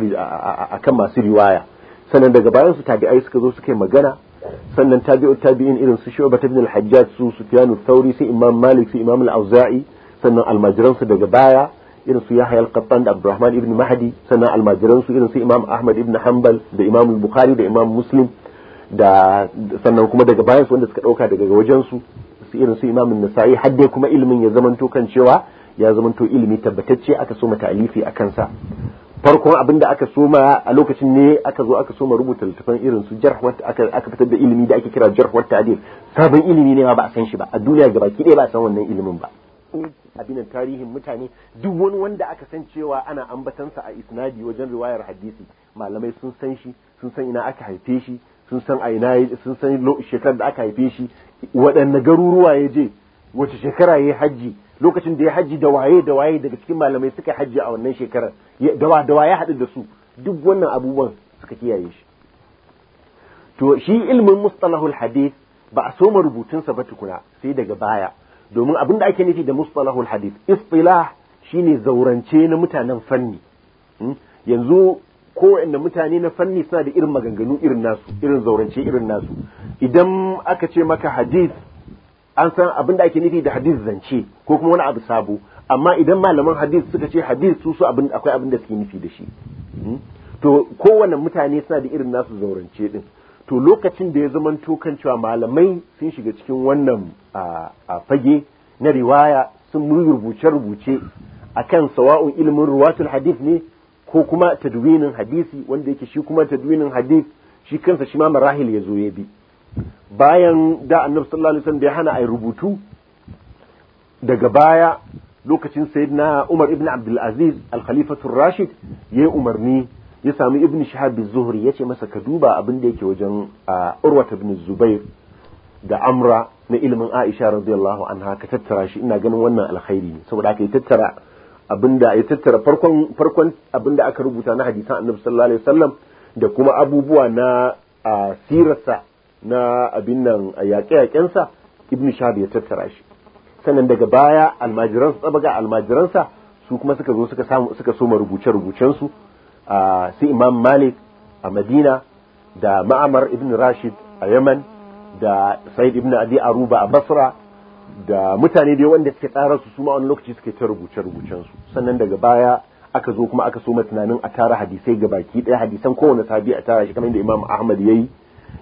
akan masu riwaya sannan daga bayan su tabi'ai suka zo suka yi magana sannan tabi'u tabi'in irin su shu'ba ibn al-hajjaj su sufyanu sauri thawri sai imam malik sai imam al-auza'i sannan almajiran su daga baya irin su Yahya al-Qattan da Abdurrahman ibn Mahdi sannan almajiran su irin su Imam Ahmad ibn Hanbal da Imam Bukhari da Imam Muslim da sannan kuma daga bayan su wanda suka dauka daga wajen su su irin su Imam An-Nasa'i har dai kuma ilimin ya zamanto kan cewa ya zamanto ilimi tabbatacce aka soma ta'alifi a kansa farkon abin da aka soma a lokacin ne aka zo aka soma rubuta littafan irin su jarh wata aka aka fitar da ilimi da ake kira jarh wata ta'dil sabon ilimi ne ma ba a san shi ba a duniya gaba ɗaya ba a san wannan ilimin ba abinan tarihin mutane duk wani wanda aka san cewa ana ambatansa a isnadi wajen riwayar hadisi malamai sun san shi sun san ina aka haife shi sun san aina sun san shekarar da aka haife shi waɗanne garuruwa ya je wace shekara ya hajji lokacin da ya hajji da waye da waye daga cikin malamai suka hajji a wannan shekarar da waye haɗu da su duk wannan abubuwan suka kiyaye shi to shi ilmin mustalahul hadith ba a soma rubutunsa ba tukuna sai daga baya domin abin da ake nufi da mustalahul hadith istilah shine zaurance na mutanen fanni hmm? yanzu ko wanda mutane na fanni suna da irin maganganu irin nasu irin zaurance irin nasu idan aka ce maka hadith an san abin da ake nufi da hadith zance ko kuma wani abu sabo amma idan malaman hadith suka ce hadith su su abin akwai abin da suke nufi da shi hmm? to kowanne mutane suna da irin nasu zaurance din to lokacin da ya zama kan cewa malamai sun shiga cikin wannan a fage na riwaya sun mun rubuce-rubuce a kan sawa'un ilimin ruwatun hadif ne ko kuma tadwinin hadisi wanda yake shi kuma tadwinin hadif shi kansa shi ma marahil ya zo ya bi bayan da annabi sallallahu alaihi wasallam bai hana ai rubutu daga baya lokacin sayyidina Umar ibn Abdul Aziz al-Khalifatu Rashid yayi umarni ya samu ibn Shihab az-Zuhri yace masa ka duba abin da yake wajen Urwa ibn Zubair da amra na ilimin aisha radiyallahu anha ka tattara shi ina ganin wannan alkhairi ne saboda aka yi tattara abinda ya tattara farkon farkon abinda aka rubuta na hadisan annabi sallallahu alaihi wasallam da kuma abubuwa na sirarsa na abin nan yaƙe-yaƙensa ibn shahab ya tattara shi sannan daga baya almajiran tsabaga almajiransa su kuma suka zo suka samu suka soma rubuce-rubucen su sai imam malik a madina da ma'amar ibn rashid a yaman da Said ibn Abi Aruba a Basra da mutane da wanda suke tsara su ma wani lokaci suke ta rubuce rubucen su sannan daga baya aka zo kuma aka so tunanin a tara hadisai ga baki daya hadisan kowane sabi a tara shi kamar inda Imam Ahmad yayi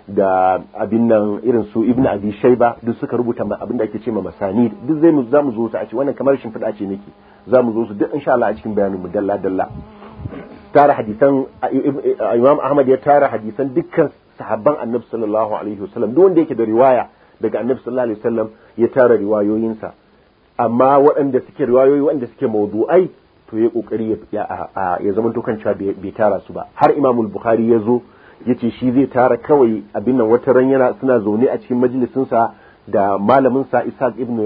da abin nan irin su Ibn Abi Shayba duk suka rubuta ma abin da ake cewa masani duk zai mu za mu zo su a ce wannan kamar shin fada ce nake za mu zo su duk insha Allah a cikin bayanin mu dalla dalla tara hadisan Imam Ahmad ya tara hadisan dukkan sahabban annabi sallallahu alaihi wasallam duk wanda yake da riwaya daga annabi sallallahu alaihi wasallam ya tara riwayoyinsa amma waɗanda suke riwayoyi waɗanda suke mawdu'ai to ya kokari ya zama to kanta bai tara su ba har imamul bukhari ya zo yace shi zai tara kawai abin nan wata ran yana suna zaune a cikin majalisin sa da malamin sa Isaac ibn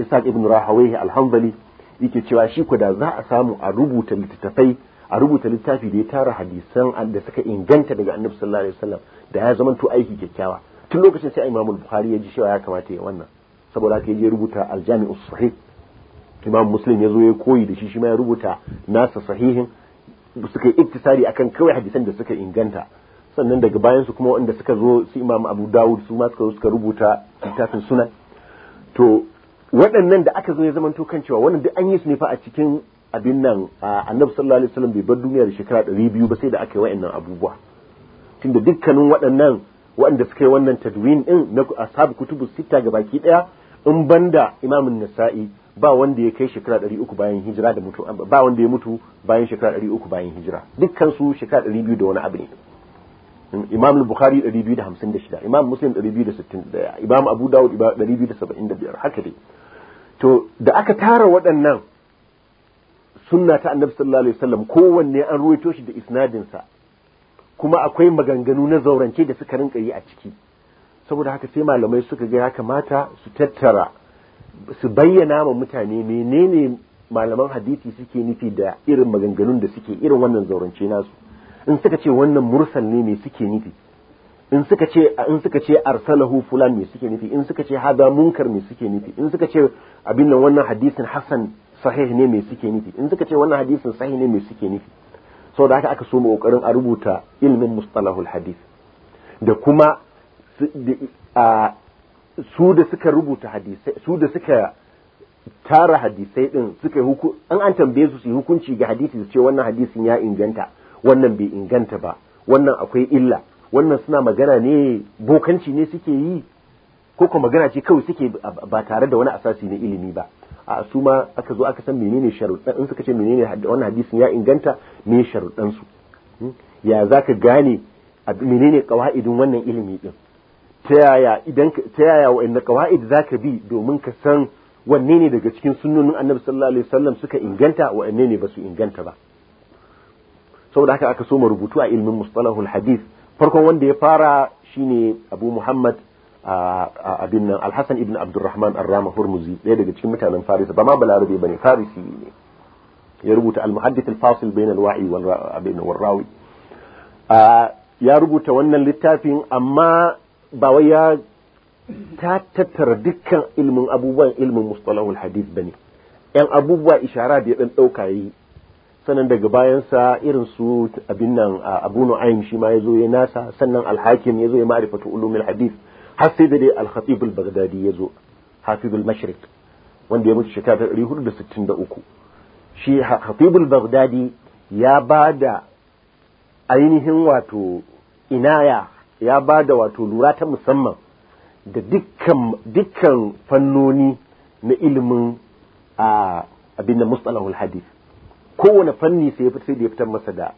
Isaac ibn Rahawayh al-Hanbali yake cewa shi ku da za a samu a rubuta littattafai a rubuta littafi da ya tara hadisan da suka inganta daga annabi sallallahu alaihi wasallam da ya zama aiki kyakkyawa tun lokacin sai imamul bukhari ya ji cewa ya kamata ya wannan saboda haka ya rubuta aljami'u sahih imam muslim ya zo ya koyi da shi shi ma ya rubuta nasa sahihin suka yi iktisari akan kawai hadisan da suka inganta sannan daga bayan su kuma wanda suka zo su imam abu dawud su ma suka zo suka rubuta littafin sunan to waɗannan da aka zo ya to kan cewa wannan duk an yi su ne fa a cikin abin nan annabi sallallahu alaihi wasallam bai bar duniya da shekara 200 ba sai da aka yi wa'annan abubuwa tunda dukkanin waɗannan waɗanda suka yi wannan tadwin din na ashab kutubu sita ga baki daya in banda imamun nasa'i ba wanda ya kai shekara 300 bayan hijira da mutu ba wanda ya mutu bayan shekara 300 bayan hijira dukkan su shekara 200 da wani abu ne imam bukhari 256 imam muslim 261 imam abu dawud 275 haka dai to da aka tara waɗannan sunna ta annabi sallallahu alaihi wasallam kowanne an ruwaito shi da isnadinsa kuma akwai maganganu na zaurance da suka rinka yi a ciki saboda haka sai malamai suka ga ya kamata su tattara su bayyana ma mutane menene malaman hadisi suke nufi da irin maganganun da suke irin wannan zaurance nasu in suka ce wannan mursal ne me suke nufi in suka ce in suka ce arsalahu fulan me suke nufi in suka ce hada munkar me suke nufi in suka ce abin nan wannan hadisin hasan sahih ne mai suke nufi in suka ce wannan hadisin sahih ne mai suke nufi sau da haka aka so kokarin a rubuta ilmin mustalahul hadis da kuma su da suka rubuta hadisai su da suka tara hadisai din suka an an tambaye su su yi hukunci ga hadisi su ce wannan hadisin ya inganta wannan bai inganta ba wannan akwai illa wannan suna magana ne bokanci ne suke yi ko kuma magana ce kawai suke ba tare da wani asasi na ilimi ba a su ma aka zo aka san menene sharuɗan in suka ce menene wannan hadisin ya inganta me sharuɗan su hmm? ya zaka gane menene qawaidin wannan ilimi din ta yaya idan ta yaya wa'annan qawaid zaka bi domin ka san wanne ne daga cikin sunnonin Annabi sallallahu alaihi wasallam suka inganta wanne ne ba su inganta ba saboda haka aka so rubutu a ilmin mustalahul hadith farkon wanda ya fara shine Abu Muhammad abin nan alhassan ibn abdurrahman arrama hurmuzi ɗaya daga cikin mutanen farisa ba ma balarabe ba ne farisi ne ya rubuta al-muhaddith al-fasil bain al-wa'i rawi ya rubuta wannan littafin amma ba wai ya ta tattara dukkan ilmin abubuwan ilmin mustalahul ba ne yan abubuwa ishara da ya dan dauka yi sannan daga bayansa irin su abin nan abu nu'aym shi ma yazo ya nasa sannan al-hakim yazo ya ma'rifatu ulumin hadith har sai da dai al-khatib al-baghdadi ya zo hafiz al-mashriq wanda ya mutu shekara 463 shi khatib al-baghdadi ya bada ainihin wato inaya ya bada wato lura ta musamman da dukkan dukkan fannoni na ilimin a abin da mustalahul hadith kowane fanni sai ya fitar ya masa da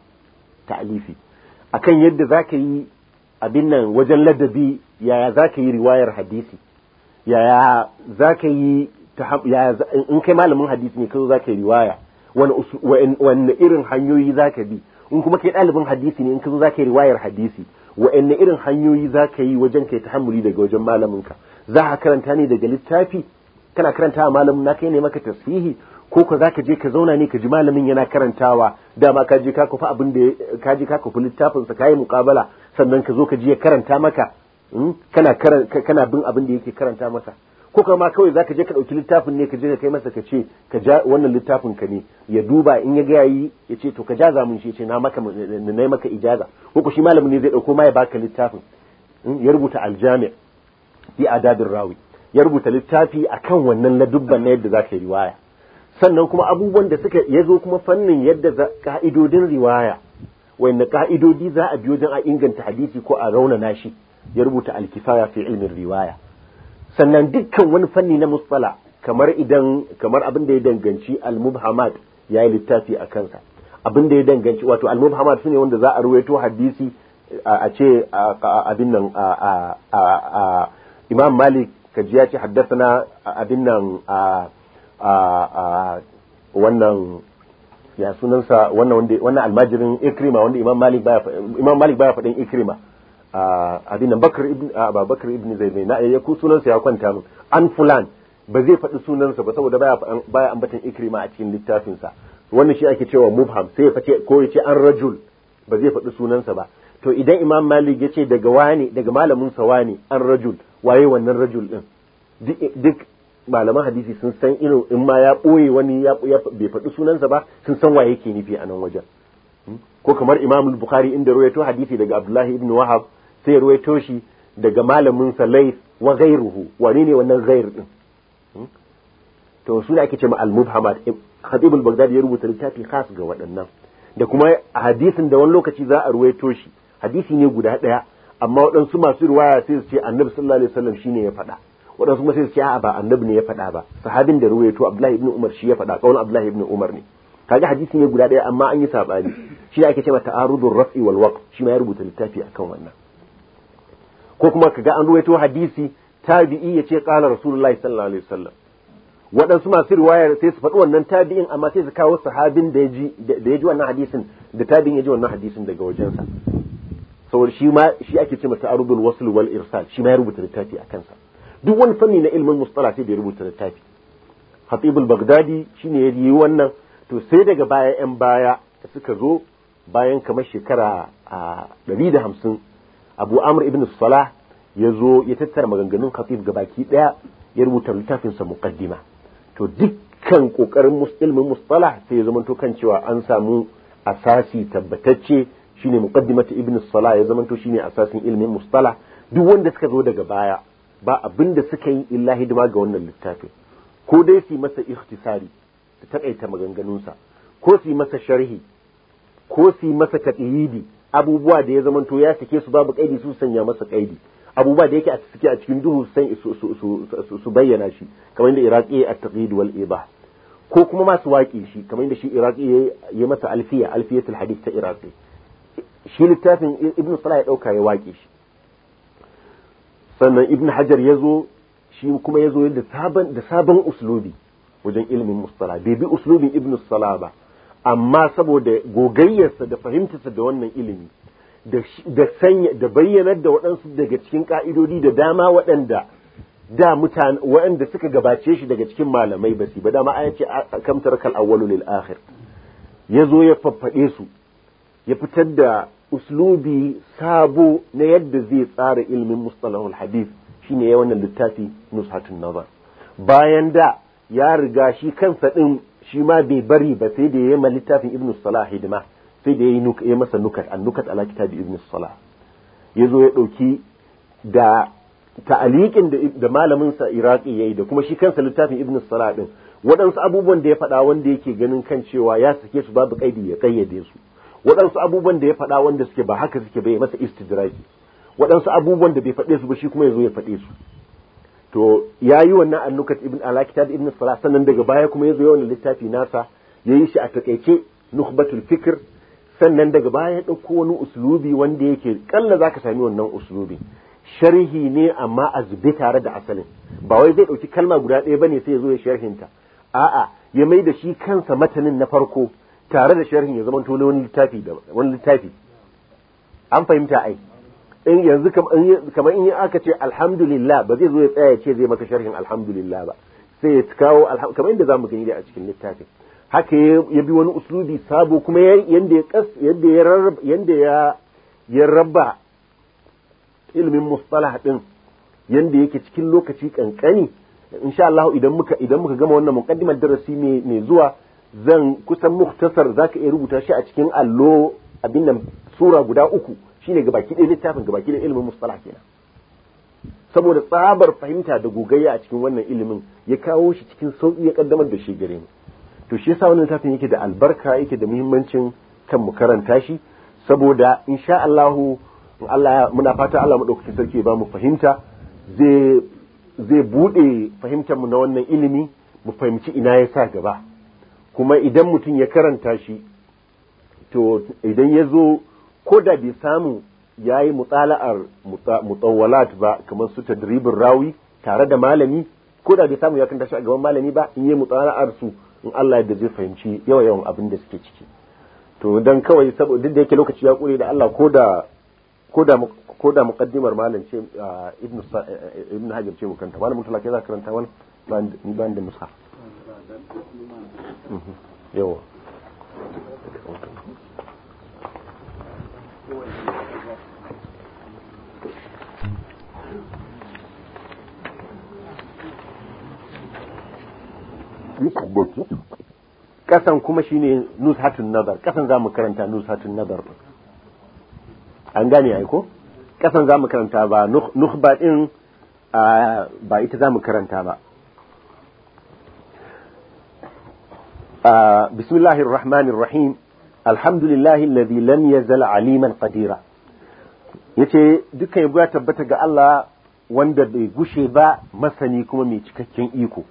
ta'alifi akan yadda zaka yi abin nan wajen ladabi yaya za ka yi riwayar hadisi yaya za ka yi in kai malamin hadisi ne kazo za ka yi riwaya wani irin hanyoyi za ka bi in kuma kai ɗalibin hadisi ne in kazo za ka yi riwayar hadisi wa'anne irin hanyoyi za ka yi wajen kai tahammuli daga wajen ka za ka karanta ne daga littafi kana karanta a malamin naka ne maka tasihi. ko ka zaka je ka zauna ne ka ji malamin yana karantawa dama ka je ka kufa abin da ka je ka kufa littafin sa kai muqabala sannan ka zo ka ji ya karanta maka hmm? kana kana bin abin da yake karanta masa ko kuma kawai zaka je ka dauki littafin ne ka je ka kai masa ka ce ka ja wannan littafin ka ne ya duba in ya ga yayi ya ce to ka jaza mun shi ya ce na maka na maka ijaza ko ku shi malamin ne zai dauko ma ya baka littafin hmm? ya rubuta aljami fi adabir rawi ya rubuta littafi akan wannan ladubban na yadda za zaka yi riwaya sannan kuma abubuwan da suka ya zo kuma fannin yadda ka'idodin riwaya wanda ka'idodi za a biyo don a inganta hadisi ko a raunana shi ya rubuta alkifaya fi ilmin riwaya sannan dukkan wani fanni na musfala kamar idan kamar abin da ya danganci al-mubhamat ya yi littafi a kansa abin da ya danganci wato al-mubhamat shine wanda za a ruwaito hadisi a ce abin nan imam malik kajiya ce haddasa na abin nan a wannan ya sunansa wannan wannan almajirin ikrima wanda imam malik baya imam malik baya fadin ikrima a abin nan bakr ibn abubakar ibn zaid na ya ku sunansa ya kwanta min an fulan ba zai faɗi sunansa ba saboda baya baya ambatan ikrima a cikin littafin sa wannan shi ake cewa mubham sai ya fice ko ya ce an rajul ba zai faɗi sunansa ba to idan imam malik ya ce daga wani daga malamin sa wani an rajul waye wannan rajul din duk malaman hadisi sun san irin in ma ya ɓoye wani ya bai faɗi sunansa ba sun san waye ke nufi a nan wajen hmm? ko kamar imam bukhari inda ruwaito hadisi daga abdullahi ibn wahab sai ruwaito shi daga malamin Salai wa ghairuhu wani ne wannan ghair din hmm? to su ake ce ma al-mubhamat khatib al ya rubuta littafi khas ga waɗannan da kuma hadisin da wani lokaci za a ruwaito shi hadisi ne guda ɗaya amma waɗansu masu ruwaya sai su ce annabi sallallahu alaihi wasallam shine ya faɗa waɗansu kuma sai ce ba annabi ne ya faɗa ba sahabin da ruwaito abdullahi ibn umar shi ya faɗa tsawon abdullahi ibn umar ne kaga hadisi ne guda ɗaya amma an yi saɓani shi ne ake cewa ta'arudur raf'i wal waqf shi ma ya rubuta littafi akan wannan ko kuma kaga an ruwaito hadisi tabi'i ya ce qala rasulullahi sallallahu alaihi wasallam waɗansu masu riwayar sai su faɗi wannan tabi'in amma sai su kawo sahabin da ya ji wannan hadisin da tabi'in ya ji wannan hadisin daga wajensa saboda shi ma shi ake cewa mata wasl wal irsal shi ma ya rubuta littafi a sa duk wani fanni na ilmin mustala sai da rubuta littafi al bagdadi shine ya yi wannan to sai daga baya yan baya suka zo bayan kamar shekara a 150 abu amr ibn salah ya zo ya tattara maganganun hatib gabaki daya ya rubuta sa muqaddima to dukkan kokarin ilmin mustalah sai ya zamanto kan cewa an samu asasi tabbatacce shine muqaddimatu ibn salah ya zamanto shine asasin ilmin mustalah duk wanda suka zo daga baya ba abin da suka yi illa hidima ga wannan littafin ko dai su yi masa ikhtisari da takaita maganganunsa ko su yi masa sharhi ko su yi masa katsiridi abubuwa da ya zamanto ya sake su babu kaidi su sanya masa kaidi abubuwa da yake a cikin a cikin duhu san su bayyana shi kamar yadda iraqi a taqid wal iba ko kuma masu waƙe shi kamar yadda shi iraqi ya masa alfiya alfiyatul hadith ta iraqi shi littafin ibnu salah ya dauka ya waƙe shi sannan ibn hajar ya zo shi kuma ya zo da sabon uslubi wajen ilimin mustala bai bi uslubin ibn sala ba amma saboda gogayyarsa da fahimtarsa da wannan ilimi da sanya da bayyanar da waɗansu daga cikin ka'idodi da dama waɗanda da mutane waɗanda suka gabace shi daga cikin malamai basi ba dama aya ce kamtar kal awwalu akhir ya zo ya faffaɗe su ya fitar da uslubi sabo na yadda zai tsara ilmin mustalahul hadith shine ya wannan littafi nushatun nazar bayan da ya riga shi kansa din shi ma bai bari ba sai da yayi ma littafin ibn salah hidima sai da yayi masa nukat an nukat ala kitabi ibn salah yazo ya dauki da ta'aliqin da malamin sa iraqi yayi da kuma shi kansa littafin ibn salah din waɗansu abubuwan da ya faɗa wanda yake ganin kan cewa ya sake su babu kaidi ya kayyade su waɗansu abubuwan da ya faɗa wanda suke ba haka suke bai masa istidraki waɗansu abubuwan da bai faɗe su ba shi kuma ya zo ya faɗe su to ya yi wannan annukat ibn da ibn salah sannan daga baya kuma ya zo yawan littafi nasa ya yi shi a taƙaice nukhbatul fikir sannan daga baya ya ɗauko wani uslubi wanda yake kalla zaka sami wannan uslubi sharhi ne amma a zube tare da asalin ba wai zai ɗauki kalma guda ɗaya ba bane sai ya zo ya sharhinta a'a ya mai da shi kansa matanin na farko tare da sharhin ya zama tole wani littafi da wani littafi an fahimta ai in yanzu kamar in aka ce alhamdulillah ba zai zo ya tsaya ce zai maka sharhin alhamdulillah ba sai ya kawo kamar inda zamu gani da a cikin littafin haka ya bi wani uslubi sabo kuma yanda ya kas yanda ya yanda ya ya rabba ilimin mustalah din yanda yake cikin lokaci kankani insha Allah idan muka idan muka gama wannan muqaddimar darasi mai zuwa zan kusan muktasar za ka iya rubuta shi a cikin allo abin nan sura guda uku shine gabaki ɗaya littafin gabaki ɗaya ilimin mustalah kenan saboda tsabar fahimta da gogayya a cikin wannan ilimin ya kawo shi cikin sauƙi ya kaddamar da shi gare mu to shi yasa wannan littafin yake da albarka yake da muhimmancin kan mu karanta shi saboda insha Allah Allah muna fata Allah dauki sarki ba mu fahimta zai zai bude fahimtar mu na wannan ilimi mu fahimci ina ya sa gaba kuma idan mutum ya karanta shi to idan ya zo ko da bai samu ya yi mutsala'ar mutsawalat ba kamar su tadribin rawi tare da malami ko da bai samu ya karanta shi a gaban malami ba in yi mutsala'ar su in Allah da zai fahimci yawa yawan abin da suke ciki to dan kawai saboda duk da yake lokaci ya kure da Allah ko da ko da ko da muqaddimar malam ce ibnu ah, ibnu hajar ce mu karanta malamin mutlaka ya karanta wani ban da musa. yawa kasan kuma shi nus hatun nazar kasan za mu karanta hatun nazar an gane ai ko kasan mu karanta ba nukhba din ah, ba ita za mu karanta ba بسم الله الرحمن الرحيم الحمد لله الذي لم يزل عليما قديرا yace duka yabo ya tabbata ga Allah wanda bai gushe ba masani kuma mai cikakken iko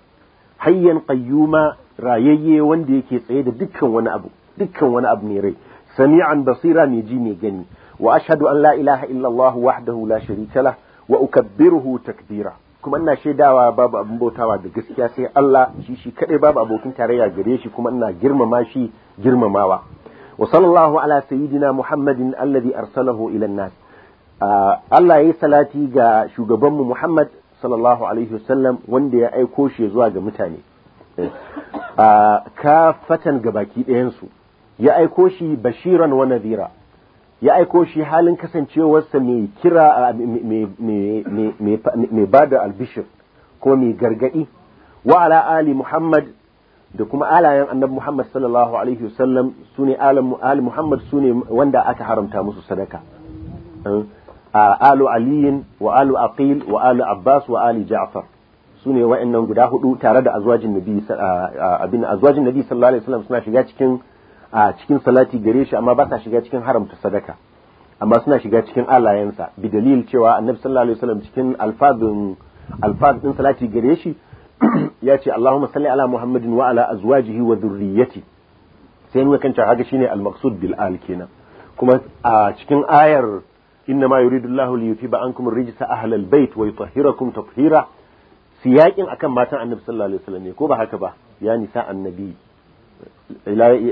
hayyan qayyuma rayayye wanda yake tsaye da dukkan wani abu dukkan wani abu ne rai sami'an basira mai ji mai gani wa ashhadu an la ilaha illa Allah wahdahu la sharika lah wa ukabbiruhu takbira kuma ina shaidawa babu abin bautawa da gaskiya sai Allah shi shi kadai babu abokin tarayya gare shi kuma ina girmama shi girmamawa wa sallallahu ala sayyidina muhammadin alladhi arsalahu ila nas Allah yayi salati ga shugaban mu Muhammad sallallahu alaihi wasallam wanda ya aiko shi zuwa ga mutane ka fatan ga baki ɗayan su ya aiko shi bashiran wa nadhira ya aiko shi halin kasancewarsa mai kira mai ba da albishir ko mai gargadi wa ala ali muhammad da kuma alayen annabi muhammad sallallahu alaihi wasallam su ne ali muhammad su ne wanda aka haramta musu sadaka hmm? alu aliyin wa alu aqil wa alu abbas wa ali ja'far su ne wa'annan guda hudu tare da azwajin azwajin nabi sallallahu alaihi wasallam suna shiga cikin a cikin salati gare shi amma ba sa shiga cikin haramta sadaka amma suna shiga cikin alayensa bi dalil cewa annabi sallallahu alaihi wasallam cikin alfadun ɗin salati gare shi ya ce Allahumma salli ala Muhammadin wa ala azwajihi wa dhurriyyati sai mun kanta haka shine al-maqsud bil al kenan kuma a cikin ayar inna ma yuridu Allahu li yuthiba ankum ar-rijsa ahla al-bayt wa yutahhirakum tathhira siyakin akan matan annabi sallallahu alaihi wasallam ne ko ba haka ba ya nisa annabi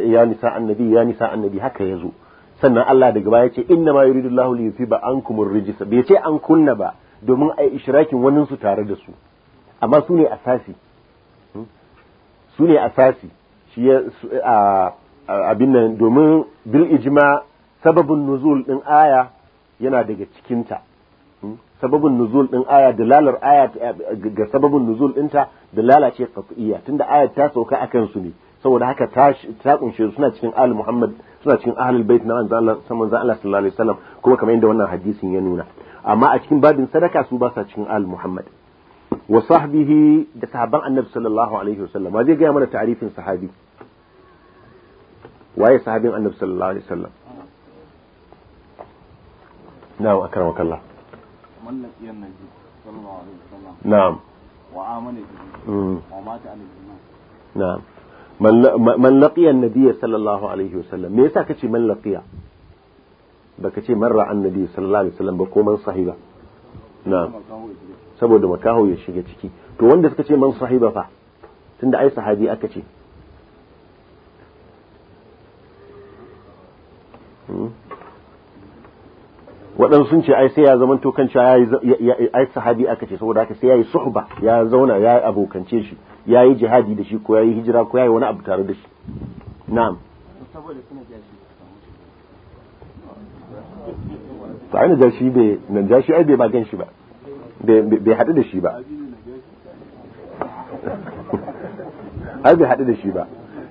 ya nisa annabi ya nisa annabi haka yazo sannan Allah daga baya ce inna ma yuridu Allahu li yufiba ankum ar-rijsa bai ce an kunna ba domin ai ishrakin wannan su tare da su amma su ne asasi su ne asasi shi ya abin nan domin bil ijma sababin nuzul din aya yana daga cikin ta sababin nuzul din aya dalalar aya ga sababin nuzul din ta dalala ce qat'iyya tunda ayat ta sauka akan su ne saboda haka ta kunshe suna cikin ahli muhammad suna cikin ahlul bait na manzo Allah manzo Allah sallallahu alaihi wasallam kuma kamar yadda wannan hadisin ya nuna amma a cikin babin sadaka su ba sa cikin ahli muhammad wa sahbihi da sahaban annabi sallallahu alaihi wasallam zai ga mana ta'arifin sahabi waye sahabin annabi sallallahu alaihi wasallam na'am akramaka Allah mallakiyan nabi sallallahu alaihi wasallam na'am wa amana bihi wa mata alaihi na'am man laqiya annabi sallallahu alaihi wasallam me yasa kace man laqiya baka ce marra annabi sallallahu alaihi wasallam ba ko man sahiba na'am saboda makaho ya shiga ciki to wanda suka ce man sahiba fa tunda ai sahabi aka ce hmm? waɗansu sun ce ai sai ya zaman to kanci ai sahabi aka ce saboda haka sai ya yi suhba ya zauna ya yi abokance shi ya yi jihadi da shi ko ya yi hijira ko ya yi wani abu tare da shi na'am ta na jashi bai jashi ai bai ba gan shi ba bai haɗu da shi ba ai bai haɗu da shi ba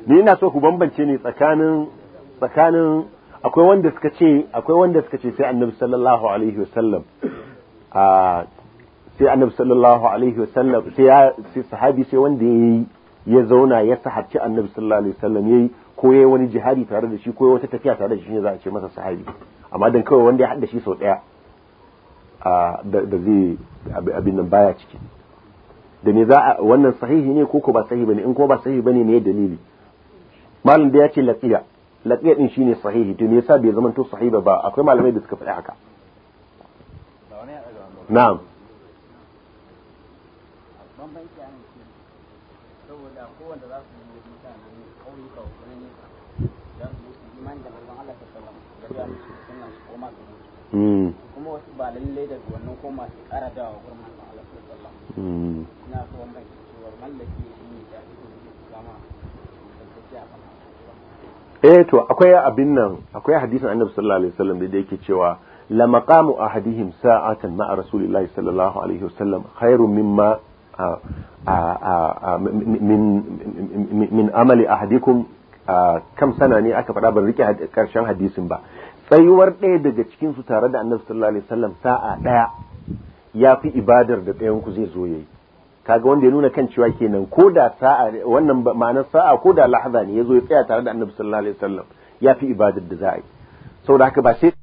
ni ina so ku bambance ne tsakanin tsakanin akwai wanda suka ce akwai wanda suka ce sai annabi sallallahu alaihi wasallam a ah, sai annabi sallallahu alaihi wasallam sai ya sai sahabi sai wanda yayi ya zauna ya sahabci annabi sallallahu alaihi wasallam yayi ko yayi wani jihadi tare da shi ko wata tafiya tare da shi ne za a ce masa sahabi amma dan kawai wanda ya hadda shi sau daya a ah, da zai abin nan baya ciki da me za a wannan sahihi ne ko ko ba sahihi bane in ko ba sahihi bane ne dalili malam da ya ce laqiya latsiya din shine sahihi to me yasa bai zama to sahiba ba akwai malamai da suka faɗi haka na'am Mm. eh to akwai abin nan akwai hadisin annabi sallallahu alaihi wasallam da yake cewa la maqamu ahadihim sa'atan ma'a rasulillahi sallallahu alaihi wasallam khairun mimma min min amali ahadikum kam sana ne aka faɗa ban rike karshen hadisin ba tsayuwar ɗaya daga cikin su tare da annabi sallallahu alaihi wasallam sa'a ɗaya ya fi ibadar da ɗayan ku zai zo yayi kaga wanda ya nuna kan cewa kenan ko da sa'a wannan ma'anar sa'a ko da lahza ne yazo ya tsaya tare da annabi sallallahu alaihi wasallam ya fi ibadar da za yi saboda haka ba sai